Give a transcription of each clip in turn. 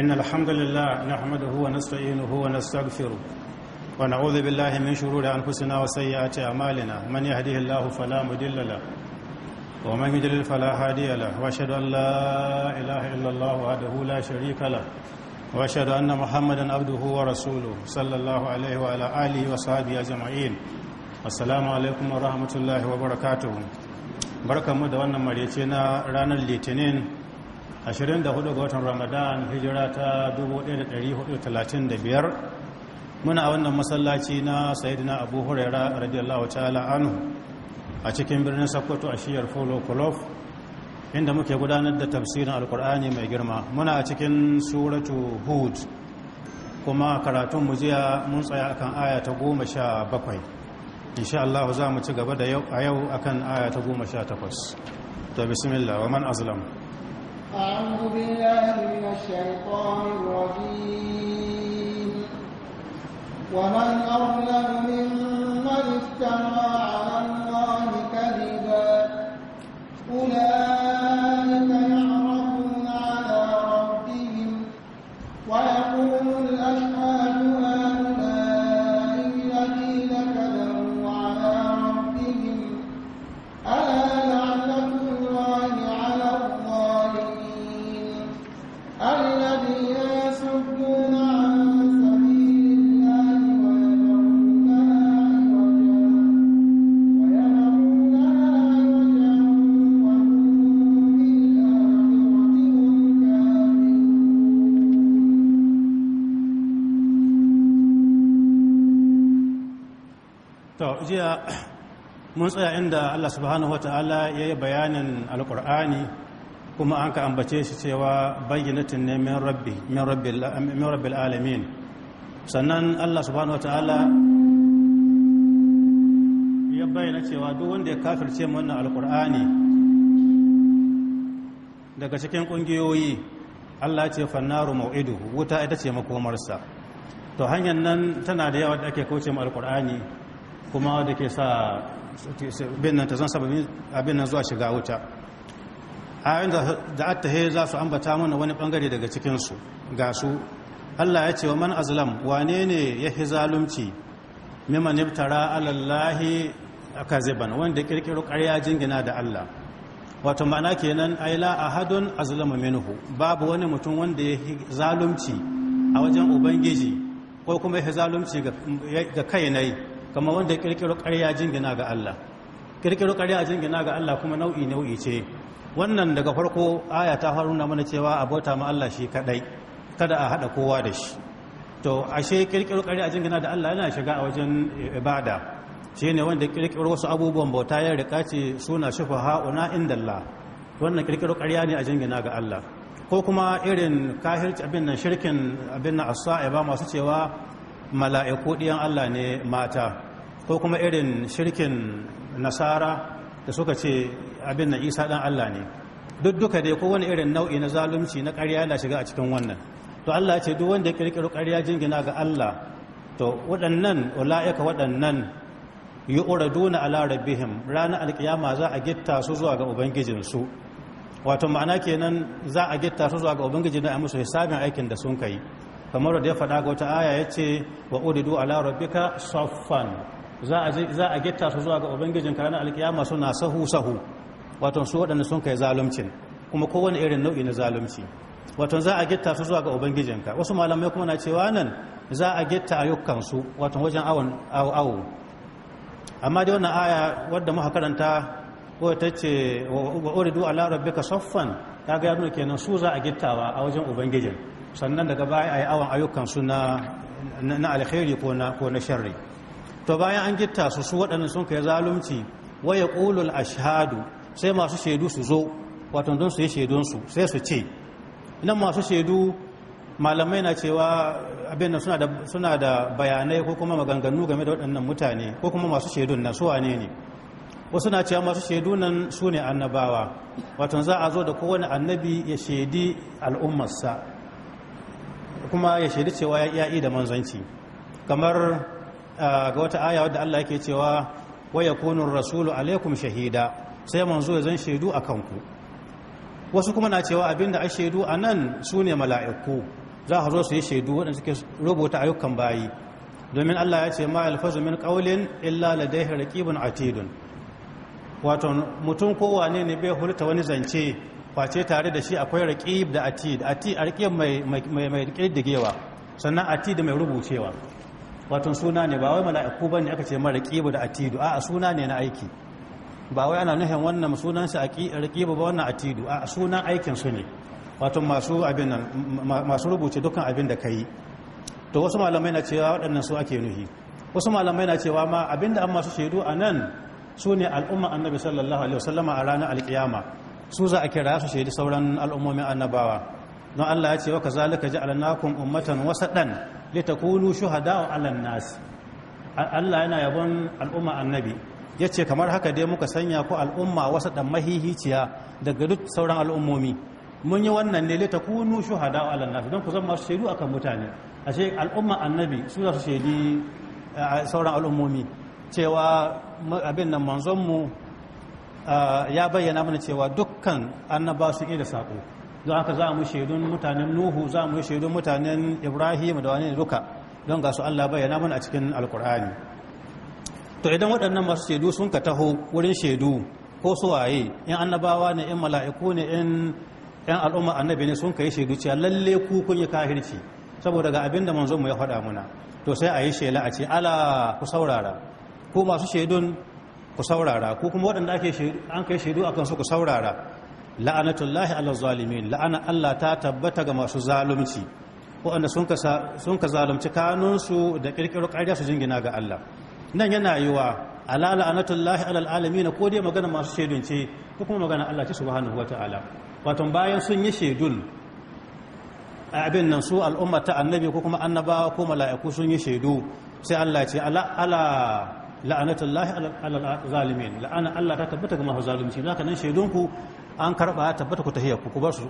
إن الحمد لله نحمده ونستعينه ونستغفره ونعوذ بالله من شرور أنفسنا وسيئات أعمالنا من يهده الله فلا مضل له ومن يضلل فلا هادي له وأشهد أن لا إله إلا الله وحده لا شريك له وأشهد أن محمدا عبده ورسوله صلى الله عليه وعلى آله وصحبه أجمعين assalamu alaikum wa rahmatullahi wa barakatuhu barkanmu da wannan maryace na ranar litinin 24 ga watan ramadan hijira ta 1435 muna a wannan masallaci na sayidina abu huraira radiyallahu ta'ala Anu a cikin birnin sakkwato a shiyar folo kolof inda muke gudanar da tafsirin alkur'ani mai girma muna a cikin suratu hud kuma karatun mujiya mun tsaya akan aya ta goma sha bakwai insha Allah za mu ci gaba da yau a yau akan aya ta goma sha takwas to bismillah wa man azlam أعوذ بالله من الشيطان الرجيم ومن أظلم ممن افترى على الله كذبا أولئك jiya mun tsaya inda Allah subhanahu wata'ala ya yi bayanin alkur'ani kuma an ka ambace shi cewa bayyanatin ne min rabbil alamin sannan Allah subhanahu wata'ala ya bayyana cewa duk wanda ya kafirce wannan alkur'ani daga cikin ƙungiyoyi Allah ce fannaru mau'idu wuta ita ce makomarsa to hanyar nan tana da yawa da ake kauce mu alkur'ani kuma da ke sa bin nan ta zan sababin abin nan zuwa shiga wuta ayoyin da he za su ambata mana wani bangare daga cikinsu ga su allah ya ce wa man azlam wane ne ya fi zalunci mimman niftara, alallahi a kaziban wanda kirkiru karya jingina da allah wato ma'ana kenan aila ahadun azlama minuhu babu wani mutum wanda ya zalunci a wajen ubangiji ko kuma ya zalunci ga kai yi. kama wanda kirkiro karya jingina ga Allah kirkiro karya jingina ga Allah kuma nau'i nau'i ce wannan daga farko aya ta haruna mana cewa abota ma Allah shi kadai kada a hada kowa da shi to ashe kirkiro ƙarya jingina da Allah yana shiga a wajen ibada shine wanda kirkiro wasu abubuwan bauta ya rika ce suna shufa ha'una inda Allah wannan kirkiro ƙarya ne a jingina ga Allah ko kuma irin kahirci abin nan shirkin abin nan as-sa'iba masu cewa mala'iku ɗiyan Allah ne mata ko kuma irin shirkin nasara da suka ce abin na isa ɗan Allah ne duk duka dai kowane irin nau'i na zalunci na ƙarya na shiga a cikin wannan to Allah ce duk wanda ya ƙirƙiro ƙarya jingina ga Allah to waɗannan ula'ika waɗannan yi yu'raduna ala rabbihim ranar alƙiyama za a gitta su zuwa ga ubangijinsu wato ma'ana kenan za a gitta su zuwa ga ubangiji da a musu hisabin aikin da sun kai kamar da ya faɗa ga wata aya ya ce wa uridu ala rabbika saffan za a gitta su zuwa ga ubangijin karanar alkiyama suna sahu sahu wato su waɗanda sun kai zalumcin kuma kowane irin nau'i na zalumci wato za a gitta su zuwa ga ubangijinka wasu malamai kuma na cewa nan za a gitta ayyukansu wato wajen awon awo amma dai wannan aya wadda muka karanta ko ta ce wa uridu ala rabbika saffan kaga ya nuna kenan su za a gittawa a wajen ubangijin sannan daga baya a yi awon ayyukansu na alkhairi ko na sharri to bayan an gitta su su waɗannan sun kai zalunci waya ƙulul ashhadu sai masu shaidu su zo wato don su yi shaidunsu sai su ce nan masu shaidu malamai na cewa abin suna da bayanai ko kuma maganganu game da waɗannan mutane ko kuma masu shaidun na su wane ne wasu na cewa masu shaidu nan su ne annabawa wato za a zo da kowane annabi ya shaidi al'ummarsa kuma ya shaidi cewa ya iya da manzanci kamar ga wata aya wadda Allah yake cewa waya kunun rasulu alaikum shahida sai manzo ya zan shaidu a kanku wasu kuma na cewa abinda a shaidu a nan su ne mala'iku za a zo su yi shaidu waɗanda suke rubuta ayyukan bayi domin Allah ya ce ma alfazu min qawlin illa ladayhi raqibun atidun wato mutum kowane ne bai hulta wani zance face tare da shi akwai raqib da atid atid a mai mai mai kiddigewa sannan atid mai rubucewa wato suna ne ba wai mala'iku bane aka ce mara raqibu da atidu a'a suna ne na aiki ba wai ana nufin wannan sunan shi raqibu ba wannan atidu a'a sunan aikin su ne wato masu abin nan masu rubuce dukkan abin da kai to wasu malamai na cewa waɗannan su ake nuhi wasu malamai na cewa ma abinda an masu shaidu a nan su ne al'umma annabi sallallahu alaihi wasallama a ranar alƙiyama. su za a kira su shaidi sauran al'ummomin annabawa don Allah ya ce wa ji ja'alnakum ummatan wasa ɗan wasadan litakunu shuhada'a 'alan nas Allah yana yabon al'umma annabi ya ce kamar haka dai muka sanya ku al'umma wasa ɗan mahihiciya daga duk sauran al'ummomi mun yi wannan ne litakunu shuhada'a 'alan nas don ku zama su shaidu akan mutane ashe al'umma annabi su za su shaidi sauran al'ummomi cewa abin nan manzon ya bayyana mana cewa dukkan annaba su da saƙo don haka za mu shaidun mutanen nuhu za mu shaidun mutanen ibrahim da wani duka don ga su allah bayyana mana a cikin alkur'ani to idan waɗannan masu shaidu sun ka taho wurin shaidu ko su waye in annabawa ne in mala'iku ne in yan al'umma annabi ne sun yi shaidu cewa lalle ku kun yi kahirci saboda ga abin da manzon mu ya faɗa muna to sai a yi shela a ce ala ku saurara ko masu shaidun ku saurara ko kuma waɗanda an kai shaidu akan su ku saurara la'anatullahi ala zalimin la'ana Allah ta tabbata ga masu zalunci waɗanda sun ka zalunci kanunsu da ƙirƙiro ƙarya su jingina ga Allah nan yana yi wa ala la'anatullahi ala alamin ko dai magana masu shaidun ce ko kuma magana Allah ce subhanahu wata'ala wato bayan sun yi shaidun A abin nan su al'umma ta annabi ko kuma annabawa ko mala'iku sun yi shaidu sai Allah ce ala ala la'anatullahi ala zalimin la'ana Allah ta tabbata ga masu zalunci zaka nan shaidunku an karba tabbata ku tahiyya ku bar su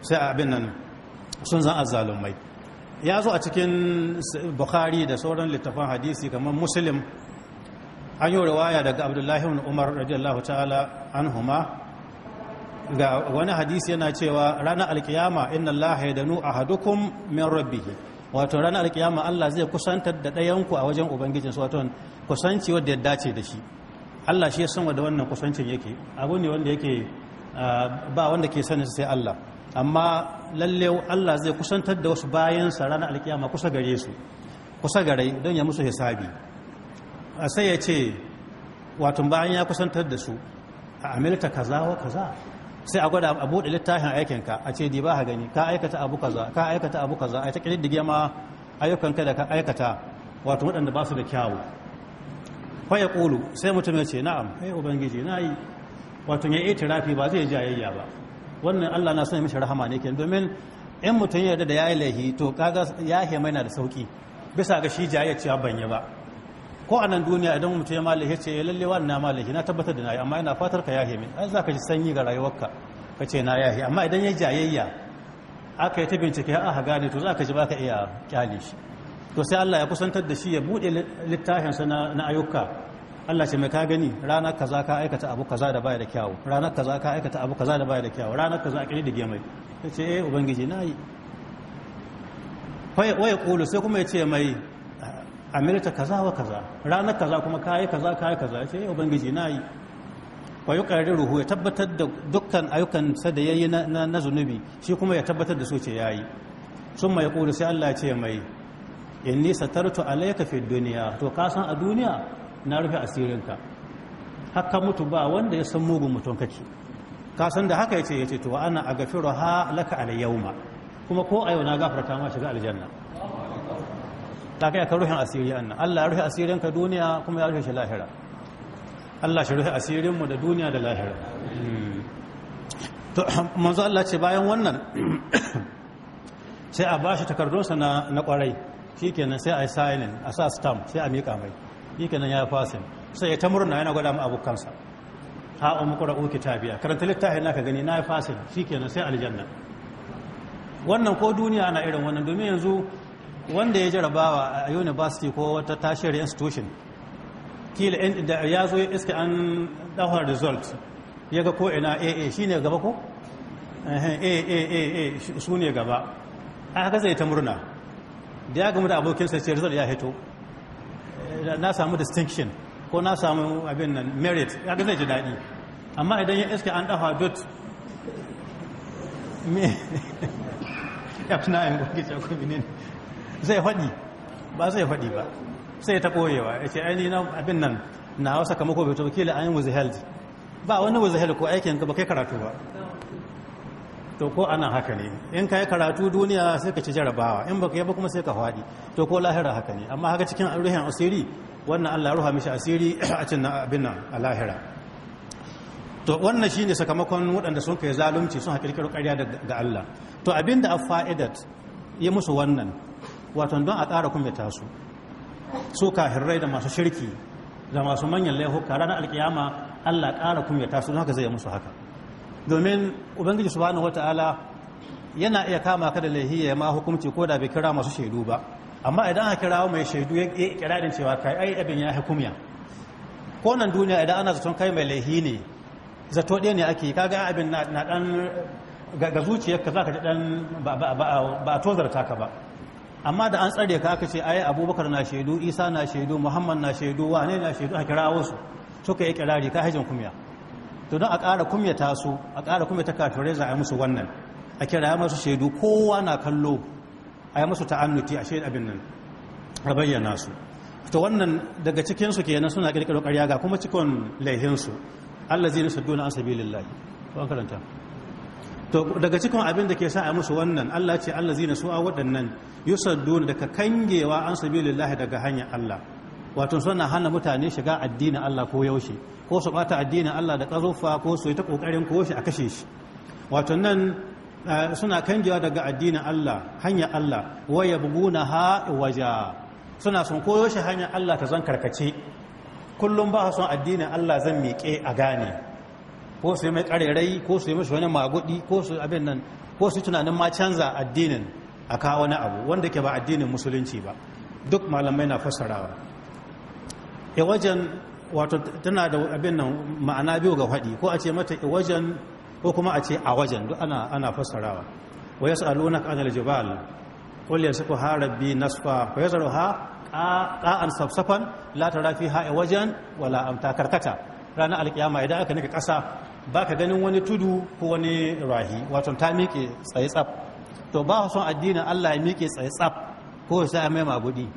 sai abin nan sun zan azzalumai ya zo a cikin bukhari da sauran littafan hadisi kamar muslim an yi riwaya daga abdullahi ibn umar radiyallahu ta'ala anhuma ga wani hadisi yana cewa ranar alkiyama inna allaha yadanu ahadukum min rabbihi wato ranar alkiyama Allah zai kusantar da ɗayanku a wajen ubangijin su wato kusanci wadda ya dace da shi Allah shi ya san wadda wannan kusancin yake abu ne wanda yake ba wanda ke sanin sai Allah amma lalle Allah zai kusantar da wasu bayansa ranar alkiyama kusa gare su kusa gare don ya musu hisabi sai ya ce wato bayan ya kusantar da su a amilta kaza wa kaza sai a gwada a buɗe littafin aikinka a ce di ba ha gani ka aikata abu kaza ka aikata abu kaza a ta ƙididdige ma ayyukanka da ka aikata wato waɗanda ba su da kyawu Kwaya kulu sai mutum ya ce na'am kai eh, ubangiji na yi wato ya itirafi ba zai jayayya ba wannan Allah na sanya mishi rahama ne kenan domin in mutum yarda da yayi lahi to kaga ya mai na da sauki bisa ga shi jayayya cewa ban yi ba ko a nan duniya idan mutum ya malahi ce ya eh, lalle wannan malahi na tabbatar da nayi amma ina fatar ka yahe min ai ji sanyi ga rayuwarka ka ce na yahe amma idan ya jayayya aka yi ta bincike a gane to za ka ji ba ka iya kyale shi to sai Allah ya kusantar da shi ya bude littafinsa na ayyuka Allah ce mai ka gani ranar kaza ka aikata abu kaza da baya da kyawu ranar kaza ka aikata abu kaza da baya da kyawu ranar kaza ka da gemai ya ce eh ubangiji na yi waya kulu sai kuma ya ce mai amirta kaza wa kaza ranar kaza kuma ka yi kaza ka yi kaza ya ce eh ubangiji na yi wayo ƙarin ruhu ya tabbatar da dukkan ayyukan sa da ya yi na zunubi shi kuma ya tabbatar da su ce ya yi sun mai kulu sai Allah ya ce mai inni satartu alayka fi duniya to ka san a duniya na rufe asirinka haka mutu ba wanda ya san mugun mutum kake ka san da haka yace yace to ana agafiru ha laka al yawma kuma ko a yau na gafarta ma shiga aljanna ta kai ka ruhin asiri annan Allah ya rufe asirinka duniya kuma ya rufe shi lahira Allah shi rufe asirinmu da duniya da lahira to manzo Allah ce bayan wannan sai a bashi takardunsa na na kwarai Shi kenan sai a yi sa'ilin a sa stamp sai a miƙa mai kenan ya fasin sai ya ta murna yana gwada mu abokansa ha umu ta biya karanta littafin naka gani na fasin shi kenan sai aljanna wannan ko duniya ana irin wannan domin yanzu wanda ya jarabawa a university ko wata tashiyar institution kila da ya zo iska an dawar result ya ga ko'ina aa shi ne gaba ko? aa su ne gaba a haka zai ta murna da ya gamu da abokinsa sai result ya hito na samu distinction ko na samu abin nan merit ya ga zai ji daɗi amma idan ya iska an dafa dot me ya fi na'in gogi cakobi ne zai faɗi ba zai faɗi ba sai ta ɓoyewa ya ce ainihin abin nan na wasa kamako bai to kila an yi wuzi held ba wani wuzi held ko aikin ka ba kai karatu ba to ko ana haka ne in ka yi karatu duniya sai ka ci jarabawa in baka yi ba kuma sai ka faɗi to ko lahira haka ne amma haka cikin ruhin asiri wannan Allah ruha mishi asiri a cin abin nan a lahira to wannan shine sakamakon waɗanda sun kai zalunci sun haƙirƙiro ƙarya ga Allah to abin da a fa'idat ya musu wannan wato don a ƙara ta su su kahirrai da masu shirki da masu manyan laihuka ranar alkiyama Allah ƙara ta su don haka zai musu haka domin ubangiji subhanahu wata'ala yana iya kama ka da lahiya ma hukunci ko da bai kira masu shaidu ba amma idan ha kira mai shaidu ya kira din cewa kai ai abin ya hukumya ko nan duniya idan ana zaton kai mai laihi ne zato ɗaya ne ake kaga abin na dan ga zuciyarka za ka ji dan ba a tozarta ka ba amma da an tsare ka aka ce ai abubakar na shaidu isa na shaidu muhammad na shaidu wane na shaidu a kira wasu suka yi kirari ka hajjin kumya to don a ƙara kumyata su a ƙara kumyata katurai za a yi musu wannan a kira masu shaidu kowa na kallo a yi musu ta'annuti a shaid abin nan a bayyana su to wannan daga cikinsu ke kenan suna ƙirƙiro ƙarya ga kuma cikin laihinsu allah zai nisa duna an sabi lillahi an karanta to daga cikin abin da ke sa a musu wannan allah ce allah zai nisa a waɗannan duna daga kangewa an sabi lillahi daga hanyar allah wato suna hana mutane shiga addinin allah ko yaushe ko su bata addinin Allah da ƙazufa ko su yi ta ƙoƙarin ko a kashe shi wato nan eh, suna kangewa daga addinin Allah hanyar Allah waya buguna ha waja suna son koyo shi hanyar Allah ta zan karkace kullum ba son addinin Allah zan miƙe a gane ko su yi mai ƙarerai ko su yi mashi wani magudi ko su abin nan ko su tunanin ma canza addinin a kawo wani abu wanda ke ba addinin musulunci ba duk malamai na fassarawa a wajen wato tana da abin nan ma'ana biyu ga faɗi ko a ce mata wajen ko kuma a ce a wajen duk ana ana fassarawa wa yas'alunaka anil jibal qul yasfuha rabbi nasfa wa yazruha qa'an safsafan la tara fiha wajen wala amta karkata ranar alkiyama idan aka nika kasa baka ganin wani tudu ko wani rahi wato ta mike tsaye tsaf to ba son addinin Allah ya mike tsaye tsaf ko sai mai magudi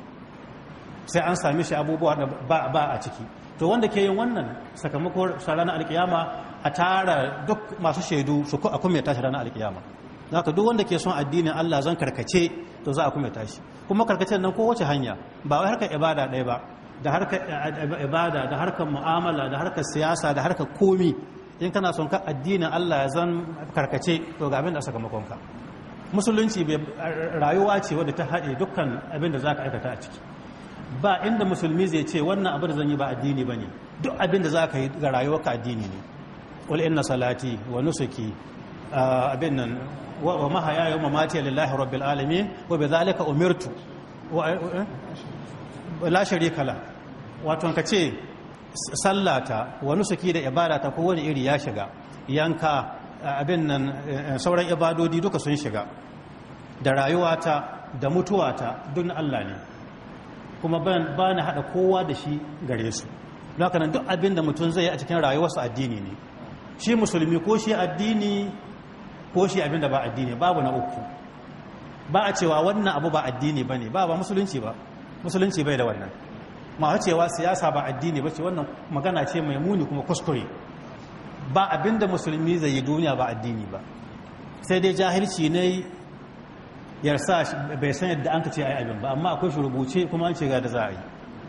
sai an sami shi abubuwa da ba a ciki to wanda ke yin wannan sakamako ranar alkiyama a tara duk masu shaidu su a kuma ya tashi ranar alkiyama ka duk wanda ke son addinin Allah zan karkace to za a kuma ya tashi kuma karkace nan ko wace hanya ba wai harkar ibada ɗaya ba da harkar eh, eh, eh, ibada da harkar mu'amala da harkar siyasa da harkar komi in kana son ka addinin Allah ya zan karkace to ga abin da ka musulunci rayuwa ce wadda ta haɗe dukkan abin da za ka aikata a ciki ba inda musulmi zai ce wannan abin da zan yi ba addini ba ne duk abin da za ka yi ga ka addini ne ƙul inna salati wa nusuki abin nan wa mahaya yau mamati lillahi rabbil alami wa bi zalika umirtu eh, eh, la sharika la wato ka ce sallata wa nusuki da ibadata ko wani iri ya shiga yanka abin nan eh, sauran ibadodi duka sun shiga da rayuwata da mutuwata na Allah ne kuma ba na haɗa kowa da shi gare su lokacin duk abin da mutum zai yi a cikin rayuwarsa addini ne shi musulmi ko shi addini ko shi abin da ba addini babu na uku ba a cewa wannan abu ba addini ba ne ba ba musulunci ba musulunci bai da wannan ma cewa siyasa ba addini ba ce wannan magana ce mai muni kuma kuskure ba abin da musulmi zai yi duniya ba addini ba sai dai jahilci ne yarsa bai san yadda an ka ce ai abin ba amma akwai shi rubuce kuma an ce ga da za a yi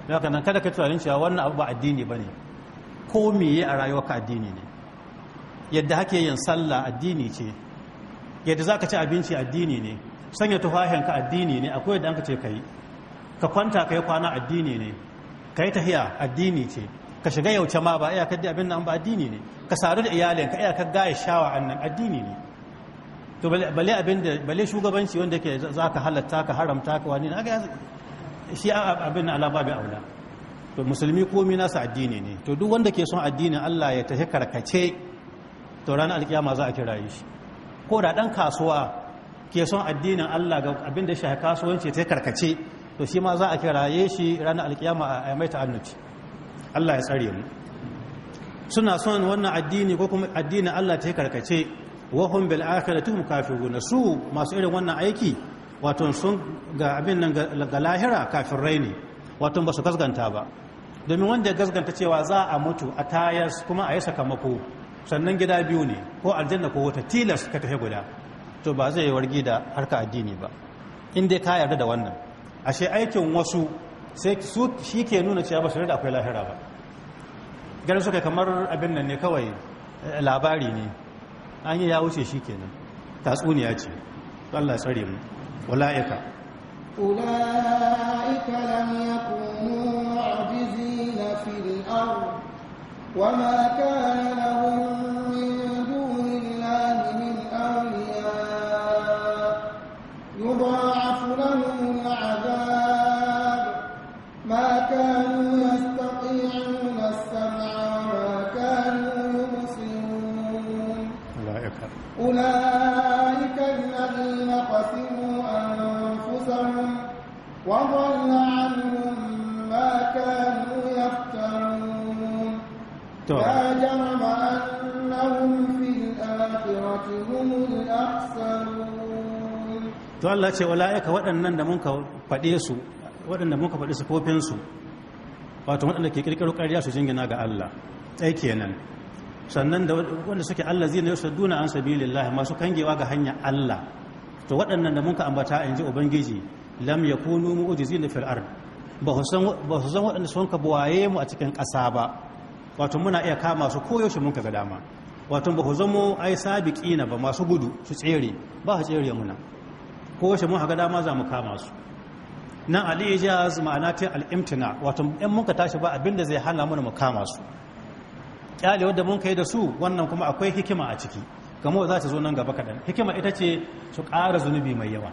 don haka nan kada ka tunanin cewa wannan abu ba addini ba ne ko meye a ka addini ne yadda hake yin sallah addini ce yadda za ka ci abinci addini ne sanya ka addini ne akwai yadda an ka ce ka yi ka kwanta ka yi kwana addini ne ka yi tahiya addini ce ka shiga yauce ma ba iyakar da abin nan ba addini ne ka sadu da ka iyakar gaya shawa annan addini ne to bale abin da bale shugabanci wanda ke za ka halatta ka haramta ka wani na shi abin na alaba bai aula to musulmi komi nasa addini ne to duk wanda ke son addinin Allah ya tafi karkace to ranar alkiyama za a kiraye shi ko da dan kasuwa ke son addinin Allah ga abin da shi kasuwanci ta karkace to shi ma za a yi shi ranar alkiyama a mai ta'annuci Allah ya tsare mu suna son wannan addini ko kuma addinin Allah ta karkace wahun bil akhirati hum kafiruna su masu irin wannan aiki wato sun ga abin nan ga lahira kafirai ne wato ba su gasganta ba domin wanda ya gasganta cewa za a mutu a tayas kuma a yi sakamako sannan gida biyu ne ko aljanna ko wata tilas ka tafi guda to ba zai wargi da harka addini ba in dai ka yarda da wannan ashe aikin wasu sai su shi ke nuna cewa ba su da akwai lahira ba garin suka kamar abin nan ne kawai eh, labari ne an yi ya wuce shi kenan tatsuniya ce Allah tsare mu ula'ika ula'ika lam yakunu mu'jizina fil ard wa ma kana lahum min dunillahi min awliya yudha'afu lahum al'adab كانوا يفترون لا جرم أنهم في الآخرة هم to Allah ce wala'ika waɗannan da muka faɗe su waɗanda muka wato waɗanda ke ƙirƙiro ƙarya su jingina ga Allah ɗai kenan sannan da wanda suke Allah zai na yau duna an sabilillah masu kangewa ga hanyar Allah to waɗannan da muka ambata in ji ubangiji lam yakunu mu'jizina fil ard ba su san waɗanda sun ka buwaye mu a cikin ƙasa ba wato muna iya kama su koyaushe mun ka ga dama wato ba ku zama ai sabiki na ba masu gudu su tsere ba su tsere muna koyaushe mun haka dama za mu kama su nan al'ijaz ma'ana ta al'imtina wato in ka tashi ba abin da zai hana mana mu kama su kyale wadda mun kai da su wannan kuma akwai hikima a ciki gamo za ta zo nan gaba kaɗan hikima ita ce su ƙara zunubi mai yawa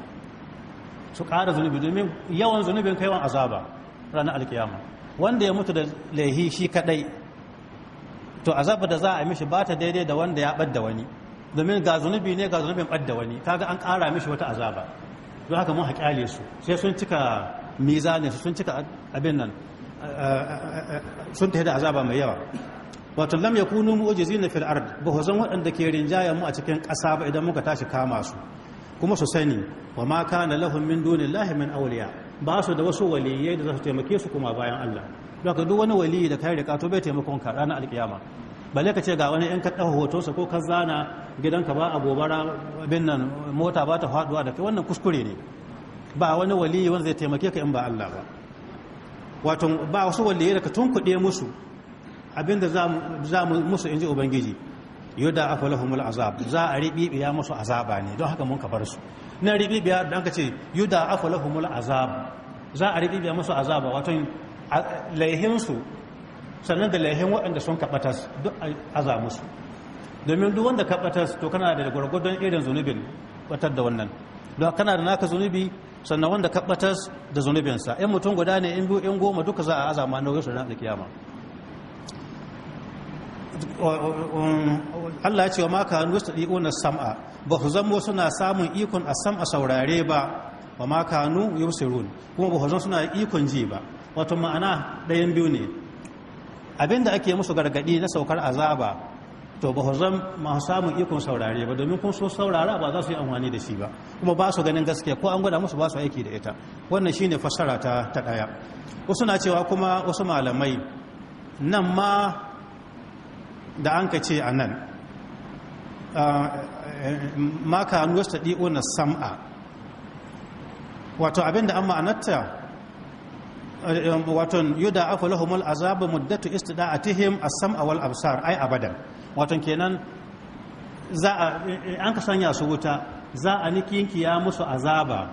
su ƙara zunubi domin yawan zunubin kaiwan azaba ranar alkiyama wanda ya mutu da laihi shi kadai to azaba da za a mishi ba ta daidai da wanda ya da wani domin ga zunubi ne ga zunubin da wani kaga an ƙara mishi wata azaba don haka mun haƙyale su sai sun cika mizanin sun cika abin nan sun tafi da azaba mai yawa wato lam yakunu mu'jizina fil fil'ar ba san waɗanda ke rinjayen mu a cikin ƙasa ba idan muka tashi kama su kuma su sani wa ma kana lahum min dunillahi min ba su da wasu waliyai da za su taimake su kuma bayan Allah daga duk wani waliyi da kai rika to bai taimakon ka ranar alkiyama balle ka ce ga wani yan kaɗa hotonsa ko ka zana gidanka ba a gobara bin nan mota ba ta faɗuwa da kai wannan kuskure ne ba wani waliyi wanda zai taimake ka in ba Allah ba wato ba wasu waliyai da ka tunkuɗe musu abinda za mu musu in ji ubangiji yau da akwai lahumul azab za a riɓiɓiya musu azaba ne don haka mun ka bar su na ribibiya da aka ce yuda afu lahumul azab za a ribibiya musu azaba wato laihinsu sannan da laihin waɗanda sun kaɓatas duk aza musu domin duk wanda kaɓatas to kana da gwargwadon irin zunubin batar da wannan don kana da naka zunubi sannan wanda kaɓatas da zunubinsa in mutum guda ne in biyu in goma duka za a azama na wasu ranar da kiyama Allah ya ce wa maka hannu su na sam'a ba su zama suna samun ikon a sam'a saurare ba wa maka hannu yau sirun kuma ba su zama suna ikon ji ba wato ma'ana ɗayan biyu ne abinda ake musu gargaɗi na saukar azaba to ba su zama samun ikon saurare ba domin kun so saurara ba za su yi amfani da shi ba kuma ba su ganin gaske ko an gwada musu ba su aiki da ita wannan shine fassara ta ta ɗaya wasu na cewa kuma wasu malamai nan ma da an ka ce a nan maka hannuwar ta ɗi'o na sam'a wato abinda an ma'anarta wato da afa lahumul azabu muddatu istida'atihim a sama wal absar ai abadan wato kenan za a an ka sanya su wuta za a nikinki ya musu azaba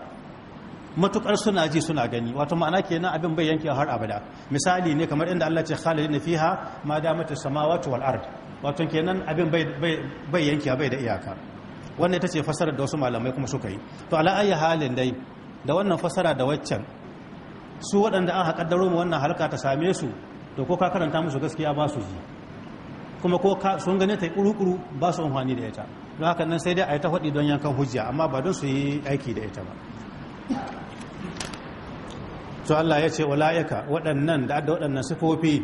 matukar suna ji suna gani wato ma'ana kenan abin bai yanke har abada misali ne kamar inda Allah ce na fiha ma damatu samawati wal ard wato kenan abin bai bai bai da iyaka wannan ita ce fasara da wasu malamai kuma suka yi to ala ayi halin dai da wannan fasara da waccan su waɗanda aka kaddaro mu wannan halka ta same su to ko ka karanta musu gaskiya ba su ji kuma ko sun gane ta kuru-kuru ba su amfani da ita don haka nan sai dai a yi ta faɗi don yankan hujja amma ba don su yi aiki da ita ba to Allah ya ce ula'ika waɗannan da adda waɗannan sifofi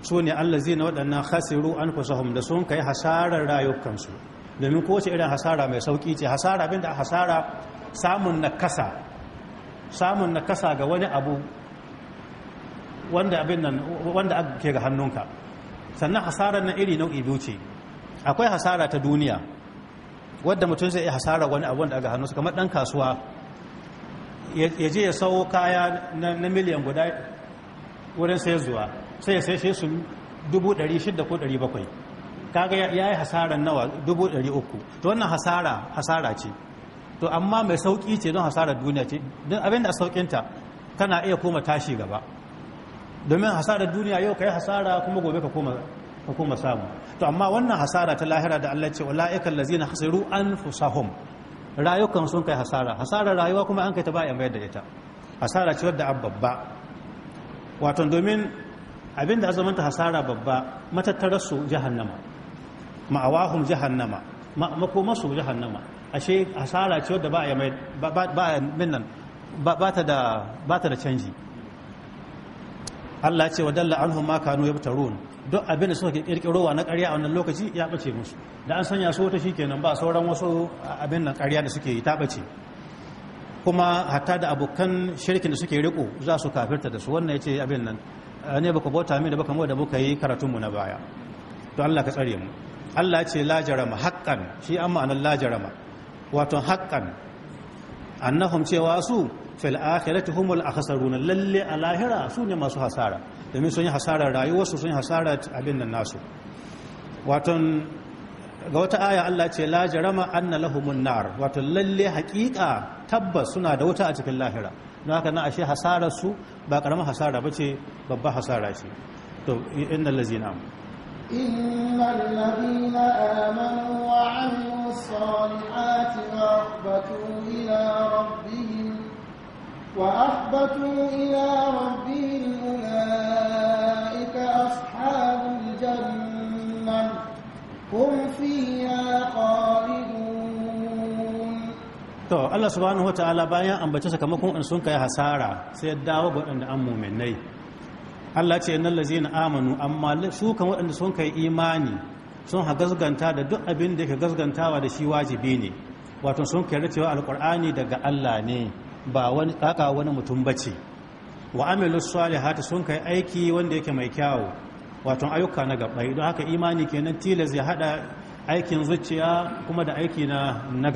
su ne zai na waɗannan hasiru an kusahum da sun kai hasarar rayukansu domin kowace irin hasara mai sauƙi ce hasara abinda hasara samun nakasa samun nakasa ga wani abu wanda abin nan wanda ke ga hannunka sannan hasarar na iri nau'i biyu ce akwai hasara ta duniya wadda mutum zai iya hasara wani abu wanda aga hannunsa kamar dan kasuwa ya je ya sau kaya na miliyan guda wurin sai zuwa sai ya sai shi su 600,700 ko kaga ya yi hasarar nawa 300,000 to wannan hasara hasara ce to amma mai sauki ce don hasarar duniya ce don abinda a saukinta kana iya koma tashi gaba domin hasarar duniya yau ka yi hasara kuma gobe ka koma ka samu to amma wannan hasara ta lahira da Allah ce ula'ikan lazina hasiru anfusahum rayukan sun kai hasara hasarar rayuwa kuma an kai ta ba a da ita hasara ce wadda babba wato domin abin da a zamanta hasara babba matattararsu jahannama ma'awahun jahannama makomarsu jahannama ashe hasara ce wadda ba a minnan ba ta da canji Allah ce wa dalla anhum ma kanu yabtarun duk abin da suka kirkirowa na ƙarya a wannan lokaci ya bace musu da an sanya su wata shikenan ba sauran wasu abin nan ƙarya da suke yi ta bace kuma hatta da abokan shirkin da suke riko za su kafirta da su wannan yace abin nan ne baka bauta min da baka mu da muka yi karatun mu na baya to Allah ka tsare mu Allah ce la jarama haqqan shi amma anan la jarama wato haqqan annahum cewa su fil akhirati a akhsaruna lalle a lahira su ne masu hasara domin sun yi hasarar rayuwarsu sun yi hasarar abin nan nasu waton ga wata aya Allah ce la jarama anna lahumun nar wato lalle haƙiƙa tabbas suna da wuta a cikin lahira don haka na ashe hasarar su ba karamar hasara bace babba hasara ce to innal ladzina إن الذين آمنوا وعملوا الصالحات وأخبتوا إلى ربهم وأخبتوا إلى ربهم أولئك أصحاب to Allah bayan ambace sakamakon in sun kai hasara sai ya dawo ga waɗanda an muminai Allah ce innal na amanu amma su waɗanda sun kai imani sun ha gasganta da duk abin da yake gasgantawa da shi wajibi ne wato sun kai cewa alqur'ani daga Allah ne ba wani kaka wani mutum bace wa amilu salihati sun kai aiki wanda yake mai kyawu wato ayyuka na gabbai don haka imani kenan tilas ya hada aikin zuciya kuma da aiki na na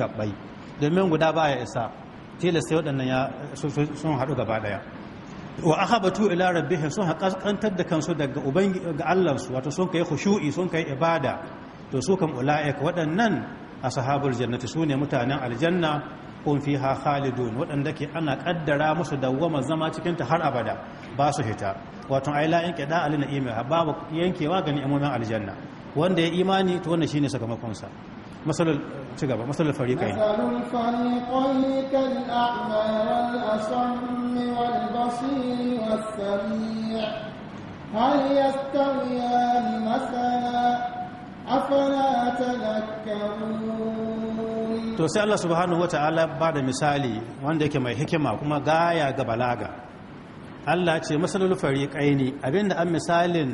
domin guda baya isa tilas sai waɗannan sun haɗu gaba ɗaya wa ahabatu ila rabbihim sun haƙasƙantar da kansu daga ubangi ga Allahnsu wato sun kai khushu'i sun kai ibada to su kan ula'ika waɗannan ashabul jannati sune mutanen aljanna kun fi ha khalidun waɗanda ke ana ƙaddara musu dawwama zama cikinta har abada ba su hita wato ai la yanke da alina ima babu yankewa ga ni'imomin aljanna wanda ya imani to wannan shine sakamakon sa masalul ci gaba masalul fariqain masalul fariqain kal a'ma wal asam wal basir was sami' hal yastawiyan masala afala tadhakkarun to sai Allah subhanahu wata'ala ba da misali wanda yake mai hikima kuma gaya ga balaga Allah ce masalul fariqaini abinda an misalin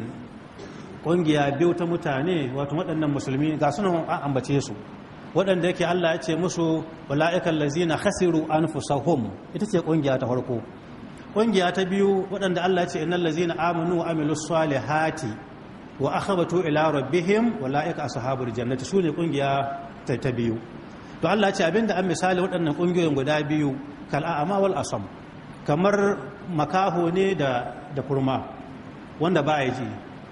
kungiya biyu ta mutane wato waɗannan musulmi ga sunan an ambace su waɗanda yake Allah ya ce musu wala'ikal lazina khasiru anfusahum ita ce kungiya ta farko kungiya ta biyu waɗanda Allah ya ce innal lazina amanu wa amilus salihati wa akhabatu ila rabbihim wala'ika ashabul jannati sune kungiya ta biyu to Allah ce abinda an misali waɗannan ƙungiyoyin guda biyu kal'a'ama wal asam kamar makaho ne da kurma wanda ba ya ji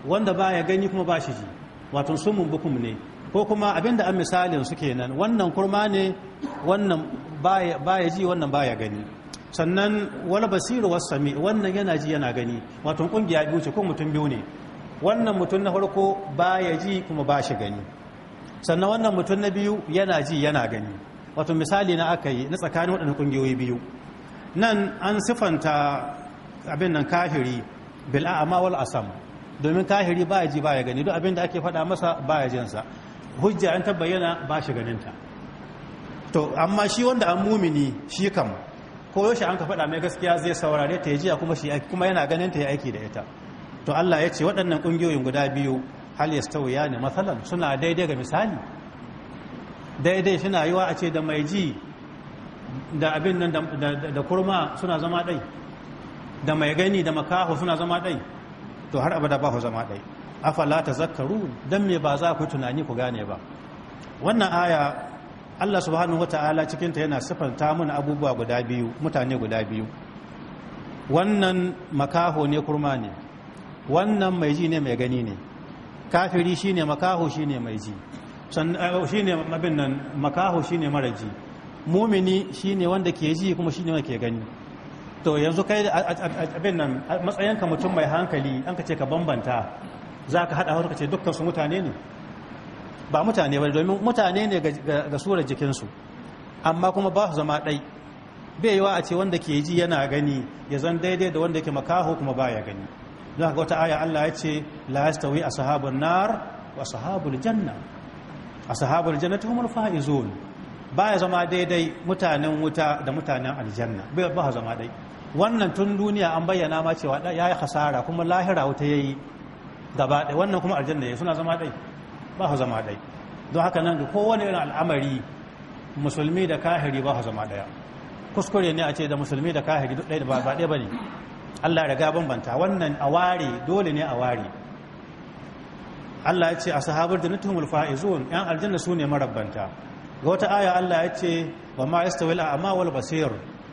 wanda ba ya gani kuma ba shi ji wato sumun bukum ne ko kuma abinda an misalin su kenan wannan kurma ne wannan ba ya ji wannan ba ya gani sannan wala basiru wasu sami wannan yana ji yana gani wato kungiya biyu ce ko mutum biyu ne wannan mutum na farko ba ya ji kuma ba shi gani sannan wannan mutum na biyu yana ji yana gani wato misali na aka yi na tsakanin waɗannan ƙungiyoyi biyu nan an siffanta abin nan kahiri bil'a amma wal asam domin kahiri ba ya ji ba ya gani duk abin da ake faɗa masa ba ya jinsa hujja an tabbayyana ba shi ganinta to amma shi wanda an mumini shi kam ko yaushe an ka faɗa mai gaskiya zai saurare ta ya jiya kuma yana ganin ta yi aiki da ita to Allah ya ce waɗannan ƙungiyoyin guda biyu hal yastawiya ne matsalan suna daidai ga misali daidai suna wa a ce da mai ji da abin nan da kurma suna zama ɗai da mai gani da makaho suna zama ɗai to har abada ba ku zama ɗai afala ta zakaru don me ba za ku tunani ku gane ba wannan aya allah subhanahu wa ta'ala cikinta yana siffanta mana abubuwa guda biyu mutane guda biyu wannan makaho ne kurma ne wannan mai ji ne mai gani ne kafiri shine makaho shine mai ji eh, shine abin nan makaho shine mara ji mumini shine wanda ke ji kuma shine wanda ke gani to yanzu kai abin nan matsayinka mutum mai hankali an ka ce ka bambanta za ka haɗa hau ka ce dukkan su mutane ne ba mutane ba domin mutane ne ga surar jikinsu amma kuma ba su zama ɗai bai yiwa a ce wanda ke ji yana gani ya zan daidai da wanda ke makaho kuma ba ya gani don haka wata aya Allah ya ce la yastawi ashabun nar wa ashabul janna ashabul jannati humul faizun baya zama daidai mutanen wuta da mutanen aljanna bai ba zama dai wannan tun duniya an bayyana ma cewa ya yi hasara kuma lahira wuta yayi gaba ɗaya wannan kuma aljanna yayi suna zama dai ba ha zama dai don haka nan kowane irin al'amari musulmi da kahiri ba ha zama daya kuskure ne a ce da musulmi da kahiri duk ɗaya da ba ɗaya ba ne Allah riga bambanta wannan a ware dole ne a ware Allah ya ce a sahabar da nutumul fa'izun yan aljanna su ne marabbanta ga wata aya Allah ya ce wa ma yastawil a'ma wal basir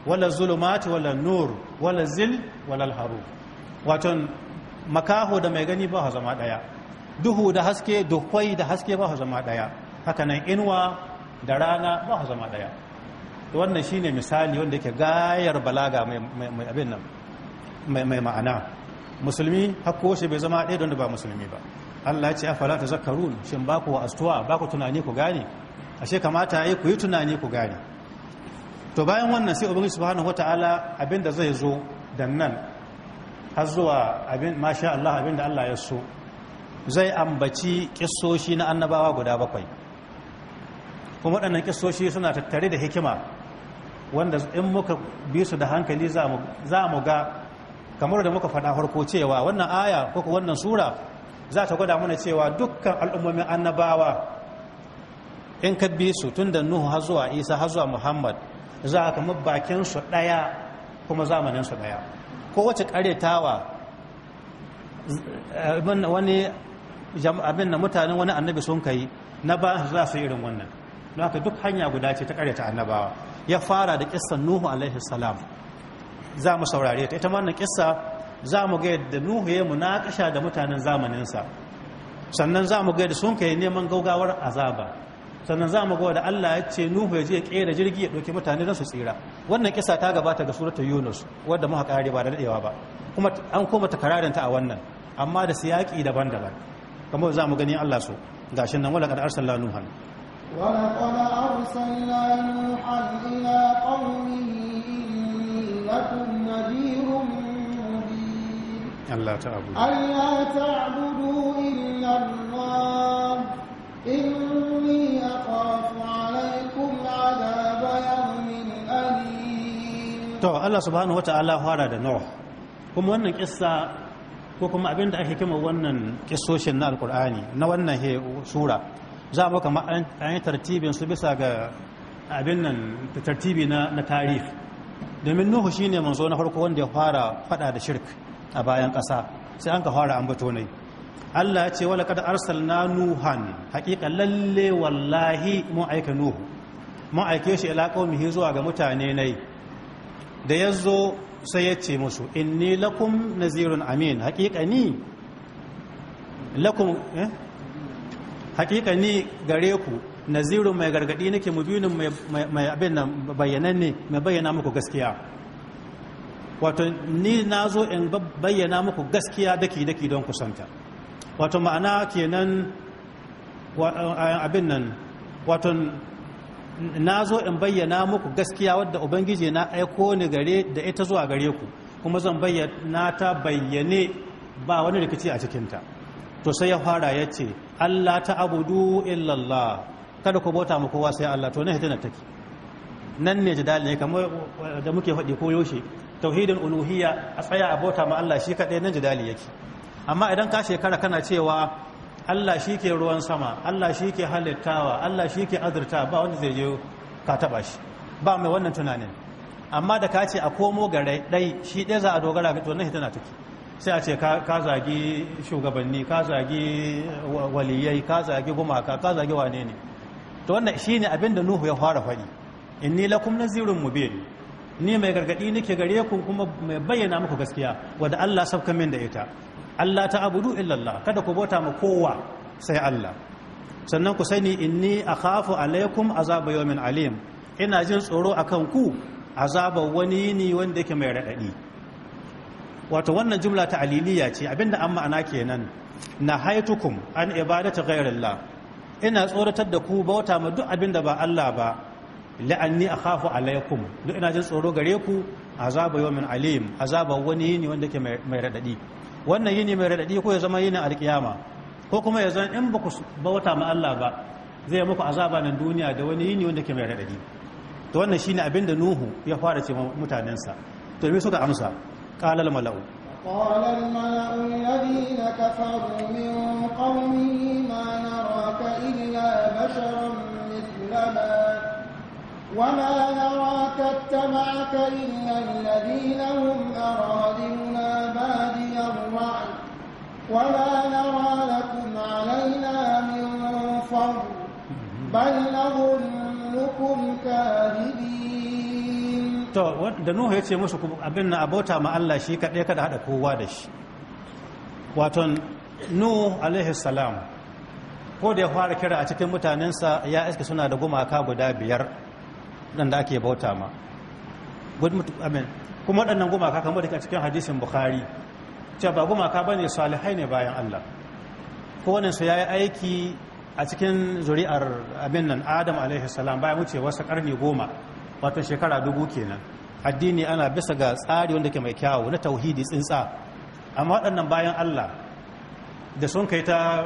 wala zulumati wala nur wala zil wala haru waton makaho da mai gani ba zama daya duhu da haske dukwai da haske ba zama daya hakanan inuwa da rana ba zama daya wannan shine misali wanda yake gayar balaga mai abin nan mai ma'ana musulmi hakko shi bai zama ɗaya don da ba musulmi ba Allah ya ce afala ta zakarun shin ba ku astuwa ba ku tunani ku gane ashe kamata yi ku yi tunani ku gane to bayan wannan sai ubangiji subhanahu wataala abin da zai zo dan nan har zuwa abin masha Allah abin da Allah ya so zai ambaci kisoshi na annabawa guda bakwai kuma waɗannan kisoshi suna tattare da hikima wanda in muka bi su da hankali za mu ga kamar da muka faɗa harko cewa wannan aya ko wannan sura za ta gwada mana cewa dukkan al'ummomin annabawa in ka bi su tun da nuhu har zuwa isa har zuwa muhammad za ka bakin su ɗaya kuma zamanin su ɗaya kowace ƙaretawa wani abin da mutanen wani annabi sun kai na ba su za su yi irin wannan duk hanya guda ce ta ƙareta annabawa ya fara da kisan nuhu alaihi salam za mu saurare ta ita wannan kissa za mu ga yadda nuhu ya munakasha da mutanen zamaninsa sannan za mu ga yadda sun kai neman gaugawar azaba sannan za mu ga da Allah ya ce nuhu ya je ya kera jirgi ya ɗauki mutane don su tsira wannan kissa ta gabata ga suratul yunus wadda muka kare ba da dadewa ba kuma an koma ta a wannan amma da siyaki daban-daban kamar za mu gani Allah so gashin nan wala kad arsalna nuhan ta ألا تعبدوا ألا تعبدوا إلا الله إني أخاف عليكم عذاب يوم أليم تو الله سبحانه وتعالى da نوح kuma wannan kissa ko kuma abin da ake kima wannan kissoshin na alkur'ani na wannan sura za mu kama an yi tartibin su bisa ga abin nan tartibi na tarihi. domin nuhu shine manzo na farko wanda ya fara fada da shirka a bayan ƙasa sai an ka fara ambato ne Allah ya ce wala kad arsalna nuhan haqiqa lalle wallahi mu aika nuhu mu aike shi ila qaumihi zuwa ga mutane nai da yazo sai ya ce musu inni lakum nazirun amin haqiqa ni lakum eh haqiqa ni gare ku nazirun mai gargadi nake mubinin mai abin nan ne mai bayyana muku gaskiya wato ni na zo in bayyana muku gaskiya daki-daki don kusanta wato ma'ana kenan abin nan wato na zo in bayyana muku gaskiya wadda ubangiji na aiko ni gare da ita zuwa gare ku kuma zan bayyana ta bayyane ba wani rikici a cikinta to sai ya fara ya ce allah ta abudu illallah kada ku bauta muku kowa sai allah to na hitina take nan ne jidali ne kamar da muke faɗi ko yaushe tauhidin uluhiyya a tsaya a bauta ma Allah shi kaɗai nan jidali yake amma idan ka shekara kana cewa Allah shi ke ruwan sama Allah shi ke halittawa Allah shi ke azurta ba wanda zai je ka taɓa shi ba mai wannan tunanin amma da ka ce a komo gare ɗai shi ɗaya za a dogara ga tunan hitana take sai a ce ka zagi shugabanni ka zagi waliyai ka zagi gumaka ka zagi wane ne to wannan shine abin da nuhu ya fara faɗi inni lakum nazirun mubin ni mai gargadi nake gare ku kuma mai bayyana muku gaskiya wadda Allah sabka min da ita Allah ta abudu illallah kada ku bauta ma kowa sai Allah sannan ku sani inni akhafu alaikum azaba yawmin alim ina jin tsoro akan ku azaba wani ne wanda yake mai radadi wato wannan jumla ta aliliya ce abinda an ma'ana kenan na haitukum an ta ghayrillah ina tsoratar da ku bauta ma duk abinda ba Allah ba la'anni a akhafu alaikum duk ina jin tsoro gare ku azaba yawmin alim azaba wani yini wanda ke mai radadi wannan yini mai radadi ko ya zama yini alkiyama ko kuma ya zama in ba ku bauta ma Allah ba zai muku azaba nan duniya da wani yini wanda ke mai radadi to wannan shine abin da Nuhu ya fara ce mutanensa to me suka amsa qala al mala'u qala al mala'u alladhina kafaru min qawmihi ma naraka illa basharan mithlana وما نراك اتبعك إلا الذين هم أرادلنا بادي الرعي ولا نرى لكم علينا من فضل بل نظنكم كاذبين to da Nuhu ya ce musu abin na abota ma Allah shi kaɗai kada haɗa kowa da shi waton Nuhu alaihi salam ko da ya fara kira a cikin mutanensa ya iska suna da gumaka guda biyar da ake bauta ma kuma waɗannan gumaka kamar da cikin hadisin bukhari cewa ba gumaka ba ne salihai ne bayan allah kowanensu ya yi aiki a cikin zuri'ar abin nan adam alaihi bayan wuce wasu karni goma wato shekara dubu kenan addini ana bisa ga tsari wanda ke mai kyawu na tauhidi tsintsa amma waɗannan bayan allah da sun kai ta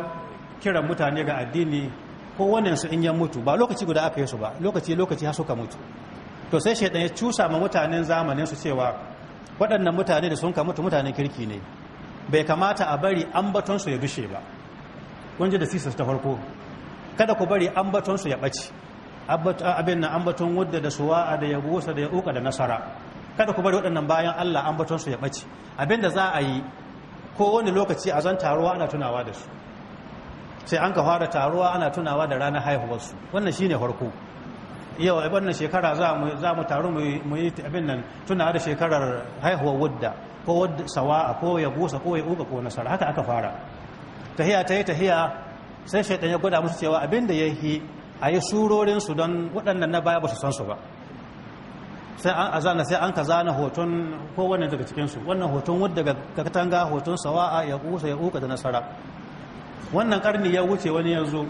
kiran mutane ga addini ko wannan su in yan mutu ba lokaci guda aka yi su ba lokaci lokaci ha suka mutu to sai shaidan ya cusa ma mutanen zamanin su cewa waɗannan mutane da sun ka mutu mutanen kirki ne bai kamata a bari ambaton su ya dushe ba kun ji da sisas ta farko kada ku bari ambaton su ya ɓaci abin na ambaton wadda da suwa'a da gusa da ya uka da nasara kada ku bari waɗannan bayan Allah ambaton su ya ɓaci abin da za a yi ko wani lokaci a zan taruwa ana tunawa da su sai an ka fara taruwa ana tunawa da ranar haihuwarsu wannan shine farko yau a wannan shekara za mu taru mu yi abin nan tunawa da shekarar haihuwar wadda ko wadda sawa'a ko ya busa ko ya uga ko nasara haka aka fara tahiya ta yi tahiya sai shaitan ya gwada musu cewa abin da ya yi a yi surorinsu don waɗannan na baya ba su san su ba sai an azana sai an ka zana hoton kowane daga cikinsu wannan hoton wadda ga katanga hoton sawa'a ya kusa ya uga da nasara wannan karni ya wuce wani yanzu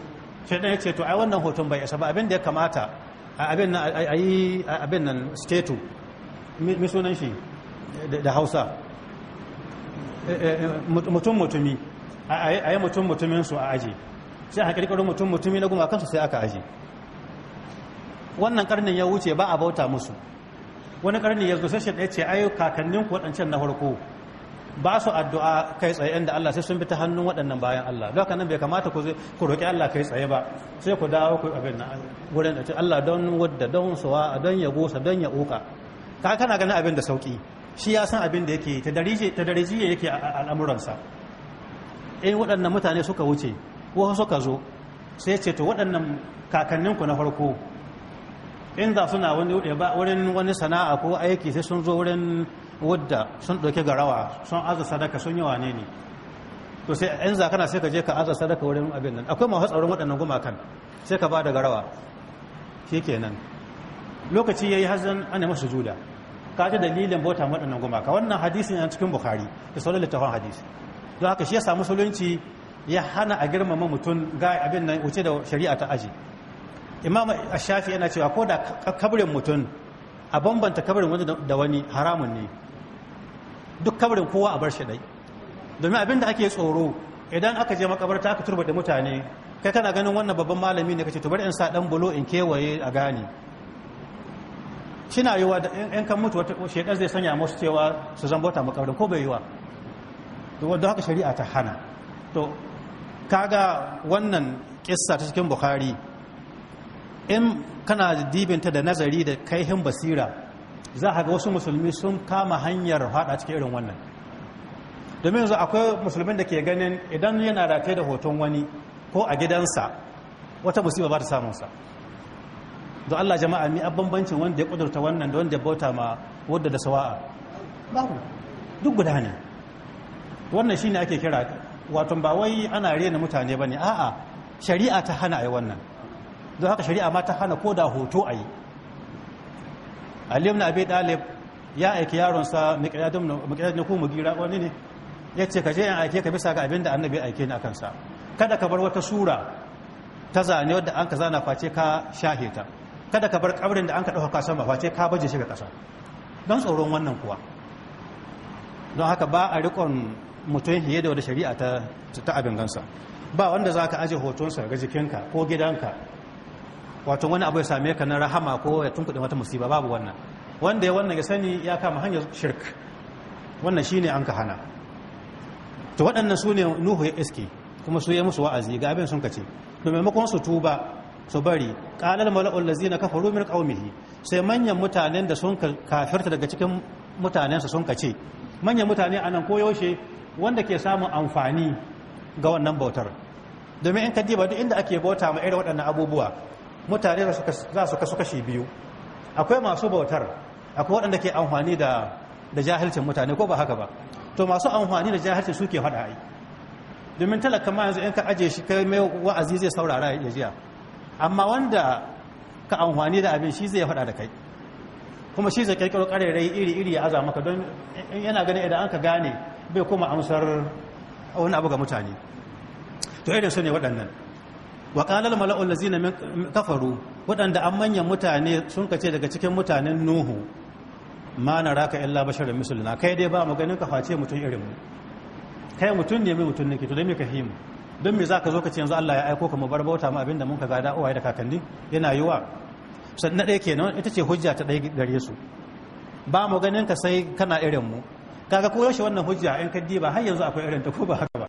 shaidan ya ce to ai wannan hoton bai isa ba abin da ya kamata a abin nan a yi abin nan statu mi sunan shi da hausa eh, eh, eh, mutum mutumi a yi mutum mutumin su a aji sai a kirkirin mutum mutumi na gumakan su sai aka aji wannan karnin ya wuce ba a bauta musu wani karni ya zo sai shaidan ya ce ai kakannin ku waɗancan na farko ba su addu'a kai tsaye inda Allah sai sun bi ta hannun waɗannan bayan Allah lokacin nan bai kamata ku ku Allah kai tsaye ba sai ku dawo ku abin na wurin da Allah don wadda don suwa don ya gosa don ya uka ka kana ganin abin da sauki shi ya san abin da yake ta darije ta yake al'amuransa in waɗannan mutane suka wuce ko suka zo sai ce to waɗannan kakanninku na farko in za suna wani wurin wani sana'a ko aiki sai sun zo wurin wadda sun ɗauki garawa sun aza sadaka sun yi wane ne to sai yan zakana sai ka je ka aza sadaka wurin abin nan akwai masu tsaron waɗannan gumakan sai ka ba da garawa shi kenan lokaci ya yi hazan ana masu juda ka ji dalilin bauta waɗannan gumaka wannan hadisin na cikin bukhari da sauran littafin hadisi don haka shi ya samu musulunci ya hana a girmama mutum ga abin nan wuce da shari'a ta aji imam Ashafi yana cewa ko da kabirin mutum a bambanta kabirin wani da wani haramun ne duk kabarin kowa a bar shi dai domin abin da ake tsoro idan aka je makabarta aka turba da mutane kai kana ganin wannan babban malami ne kace to bari in sa dan bulo in kewaye a gane kina yiwa in kan mutu wata shekar zai sanya musu cewa su zan bauta makabarin ko bai yiwa to wanda haka shari'a ta hana to kaga wannan kissa ta cikin bukhari in kana dibinta da nazari da kaihin basira za a ga wasu musulmi sun kama hanyar haɗa cikin irin wannan domin yanzu akwai musulmin da ke ganin idan yana rataye da hoton wani ko a gidansa wata musiba ba ta samunsa don allah jama'a mi bambancin wanda ya kudurta wannan da wanda ya bauta ma wadda da sawa'a duk guda ne wannan shine ake kira wato ba wai ana rena mutane ba ne a'a shari'a ta hana a yi wannan don haka shari'a ma ta hana ko da hoto a yi Aliyu na Abi ɗalib ya aiki yaronsa Miqdad ibn kuma gira wani ne ya ce ka je in aike ka bisa ga abinda annabi aiki aike ni akan kada ka bar wata sura ta zane wadda an ka zana face ka shahe ta kada ka bar kabrin da an ka ɗauka sama face ka baje shi ga ƙasa don tsoron wannan kuwa don haka ba a rikon mutum fiye da wadda shari'a ta abin gansa ba wanda za ka aje hotonsa ga jikinka ko gidanka wato wani abu ya same ka na rahama ko ya tunkuɗe wata musiba babu wannan wanda ya wannan ya sani ya kama hanyar shirk wannan shine an ka hana to waɗannan su ne nuhu ya iske kuma su ya musu wa'azi ga abin sun kace to maimakon su tuba su bari qalal mala'ul na kafa rumin ƙaumihi sai manyan mutanen da sun kafirta daga cikin mutanensa sun ka ce manyan mutane a nan koyaushe wanda ke samun amfani ga wannan bautar domin in ka diba duk inda ake bauta ma irin waɗannan abubuwa mutane za su kasu kashi biyu akwai masu bautar akwai waɗanda ke amfani da jahilcin mutane ko ba haka ba to masu amfani da jahilcin suke haɗa ai domin talaka ma yanzu in ka aje shi kai mai wa'azi zai saurara ya jiya amma wanda ka amfani da abin shi zai faɗa da kai kuma shi zai kirkiro karerai iri-iri ya aza maka don yana ganin idan an ka gane bai kuma amsar wani abu ga mutane to irin su ne waɗannan wa qalal mala'ul lazina kafaru wadanda an manyan mutane sun kace daga cikin mutanen nuhu ma naraka illa basharar misluna kai dai ba mu ganin ka face mutum irin mu kai mutum ne mai mutum nake to dai me ka himu don me zaka zo ka ce yanzu Allah ya aiko ka mu bar bauta mu abinda mun ka gada uwaye da kakanni yana yiwa sannan na ɗaya kenan ita ce hujja ta ɗaya gare su ba mu ganin ka sai kana irin mu kaga ko yaushe wannan hujja in ka diba har yanzu akwai irin ta ko ba haka ba